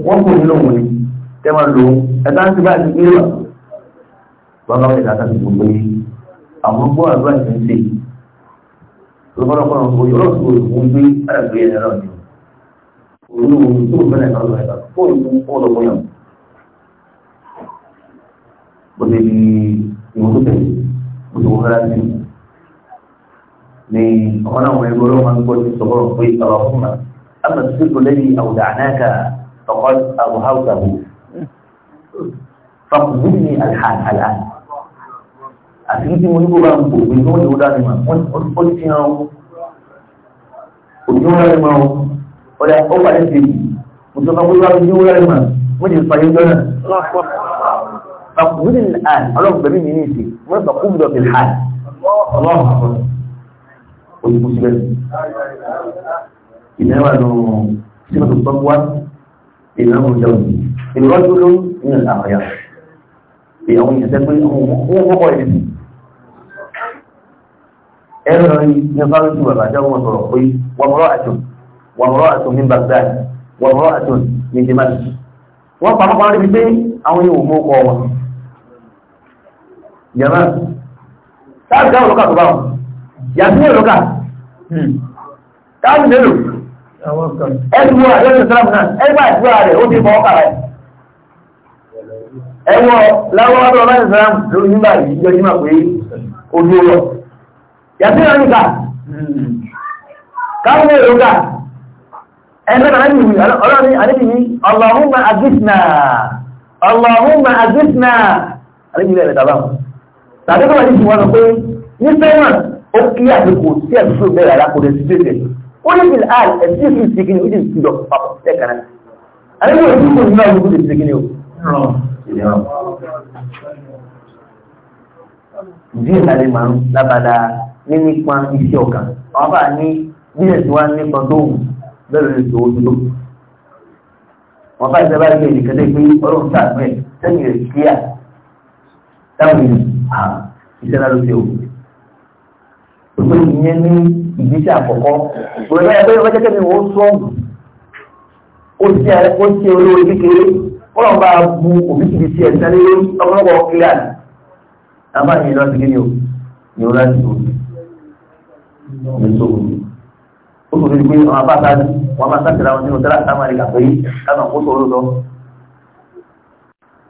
wọ́n kù nínú tẹ́mọ̀ lò ẹ̀dá ń ti bá ti gbé wà bàbá wọn ìdáta ti gbogbo yìí àwọn gbọ́ àdúrà ti ń ṣe lọ́pọ̀lọpọ̀ ọ̀gbọ̀n yóò sọ òun gbé àdàgbé ẹ̀rọ ọ̀dì òun òun tó bẹ̀rẹ̀ náà lọ́wọ́ ẹ̀dá fóònù fóònù ọ̀gbọ̀n bó ti di ìwọ̀n tó tẹ̀lé bó ti wọ́n rárá sí ni ọmọ náà wọn ẹgbẹ́ ọlọ́wọ́ máa ń gbọ́ ti sọ̀rọ̀ pé ọ̀rọ̀ fún wa fakubuni alhàlà àti kí mo ní kó bá ń bò pé ní wọ́n ti wọ́n dání ma wọ́n ti hàn ó òjò wọ́n dání ma ó ọ̀dà ó wà ní ṣèlú mo sọ fún wa ní wọ́n dání ma wọ́n ti fà yín jọ́nà. fakubuni alhàlà ọlọ́run pẹ̀lú mi ní ìsìn wọ́n fakubuni alhàlà ọlọ́run òyìnbó síbẹ̀. ìnáwó àná síbẹ̀ tó tọ́kùwá ìnáwó jẹun ìrọ́jú ló ń ní àyà àwọn ìṣẹ́ pé wọ́n kọ́kọ́ ìdí sí ẹ̀rọ ní fáwọn tí bàbá jẹ́ wọn sọ̀rọ̀ pé wàmọ́rọ́ àtùn wàmọ́rọ́ àtùn ní Baghdad wàmọ́rọ́ àtùn ní jimali wọ́n pa pápá rí pé àwọn yóò mú ọkọ̀ wọn yàrá táàbí táwọn lọ́kà tó bá wọn yàtí ní lọ́kà hmm. táàbí mélòó ẹgbẹ́ àjọ́sọ̀ sáàmù náà ẹgbẹ́ àjọ́ rẹ̀ ó ti mọ́ ọkà rẹ̀ ẹwọ́ láwọ́ tó ọlá ìsìlám lórí nígbà ìjọ jímà pé ojú ọlọ́ yàtí ìrọ̀ nígbà káwọn èrò gà ẹgbẹ́ náà nìyí ọlọ́rin àdébìyí Allahumma azizna Allahumma azizna àdébìyí rẹ̀ tàbá tàbí kọ́ ní ìwọ̀n pé ní fẹ́ràn ó kí àdékò sí bí ìsàlẹ̀ máa ń lábàdá ní nípa iṣẹ́ ọ̀kan àwọn bá ní bílẹ̀ tí wọ́n á nípa tó wù bẹ́ẹ̀ lè tòó dúró wọ́n bá ìjọba ìgbé ìdíkẹ́ tó pé ọlọ́run sàgbẹ́ sẹ́yìn rẹ̀ kíá táwọn ìṣẹ́ náà ló ṣe o pé ìyẹn ní ìgbésẹ̀ àkọ́kọ́ òun ẹgbẹ́ ọjọ́ kẹ́mi wọ́n sọ́ọ̀mù ó ṣe olóore kékeré kọ́lọ̀ bá bu òbí ti di ti ẹ̀ sáré lórí ọmọlọ́wọ́ kílíà ní àbá yìí lọ́ti gíní o ní o láti o ní so o tó lórí pé ọmọ apá sáájú wọn máa sáájú ra wọn nínú dára sáwọn àríkà pé káwọn kó sọ lóòótọ́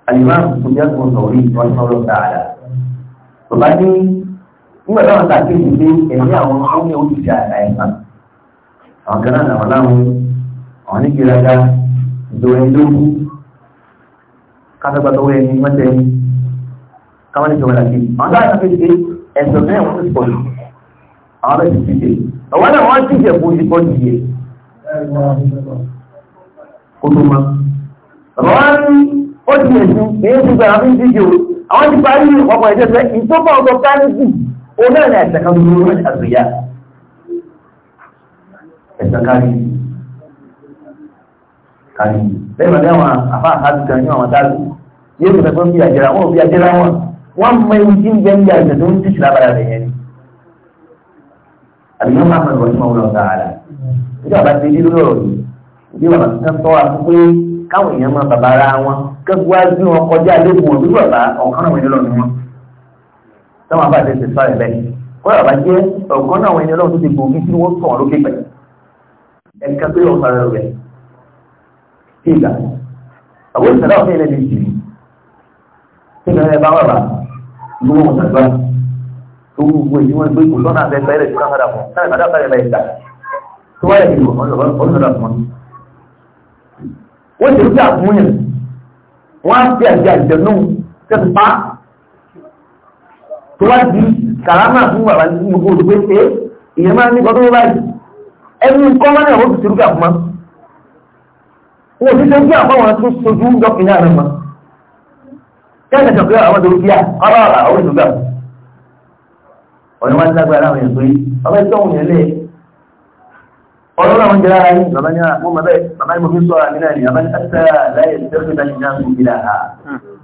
àlìmá kò jẹ́ kó sọ orí wọn ní ọlọ́ dáadáa bàbá ní nígbà táwọn sáà kéjì pé ẹ̀mí àwọn ọmọ ní ti àná ẹ̀fà àwọn kan náà làwọn láwọn àwọn ní kí kátàgbàtọ̀wọ́ ẹni mọ́tẹ̀ ẹni káwọn ìjọba ìlàjì àwọn táwọn ìjọba ìjọba ẹ̀sọ̀ náà wọ́n ti pọ̀ jù àwọn bẹ́ẹ̀ ti ṣiṣẹ́ ọ̀wọ́n náà wọ́n ti jẹ̀ fún ìdíkọ́ ti yẹ kó tó mọ́ ọ̀rọ̀ wọn ní ó ti yẹ ju èyí ti gbà àwọn fi ń díje o àwọn ti parí ọkọ̀ ẹ̀jẹ̀ fẹ́ ìtọ́pọ̀ ọ̀dọ̀ káńtì òun náà ní àìsàn kan tó lórí àgbèyà ẹ̀sàn káńtì kàní lẹ́yìn ọ̀dẹ́ àwọn àfa àti kan ní àwọn dáàbò yóò fẹ́ fẹ́ fi àjẹrà wọn ò fi àjẹrà wọn wọn mọ ewu tí ń jẹ ń jẹ àjẹ tó ń tìṣù lábàrà rẹ̀ yẹn ni. àbíyá máa mọ̀ ìwọ̀n tí wọ́n lọ sàárà nígbà bá ti dé lórí ọ̀rọ̀ yìí ìdí bàbá kan sọ wa pé káwọn èèyàn máa bàbá ara wọn kẹ́kọ̀ọ́ wá gbé wọn kọjá lẹ́kùn òbí bàbá ọ̀kan àwọn ènìyàn lọ́nu wọn táwọn àbá àti ẹsẹ̀ sọ ẹ̀ bẹ́ẹ̀ kọ́ bàbá jẹ́ ọ̀kan àwọn ènìyàn lọ́nu tó ti gbòógì tí wọ́n sọ̀rọ̀ lókè pẹ̀lú ẹ̀ka pé ọ̀sán rẹ̀ kila àwọn ìsẹ̀lẹ̀ ọ̀fẹ́ ilẹ̀ lè jìrì tí ìgbẹ̀rẹ̀ bá wà bá gbogbo wọn sàgbà tó gbogbo èyí wọn gbé ìkùn lọ́nà abẹ́gbẹ́ rẹ̀ tó kára fún sáré padà bẹ̀rẹ̀ láì gbà tó wáyé ní ọ̀nà fún wọ́n ti rí àkúnyẹ̀ wọ́n á fi àjẹ àjẹnú tẹ́sí pa tó wá di kàrámà fún bàbá gbogbo olùgbé ṣe ìyẹn máa ní kọ́ tó wọ́n báyìí ẹni kọ́ mọ́nà ó ti rí wọ́n ti tẹ́jú àpáwọn tó sojú ń dọ́kì náà rẹ̀ mọ́ kẹ́kẹ́ tọ̀kẹ́ àwọn tó bíà ọlọ́ọ̀lá owó ìdúgbà ọ̀nà wọn lágbára àwọn èèyàn pé ọmọ ẹgbẹ́ òun yẹn lé ọlọ́run àwọn jẹ́ lára yín bàbá ní àwọn ọmọ bẹ́ẹ̀ bàbá náà ní bàbá ní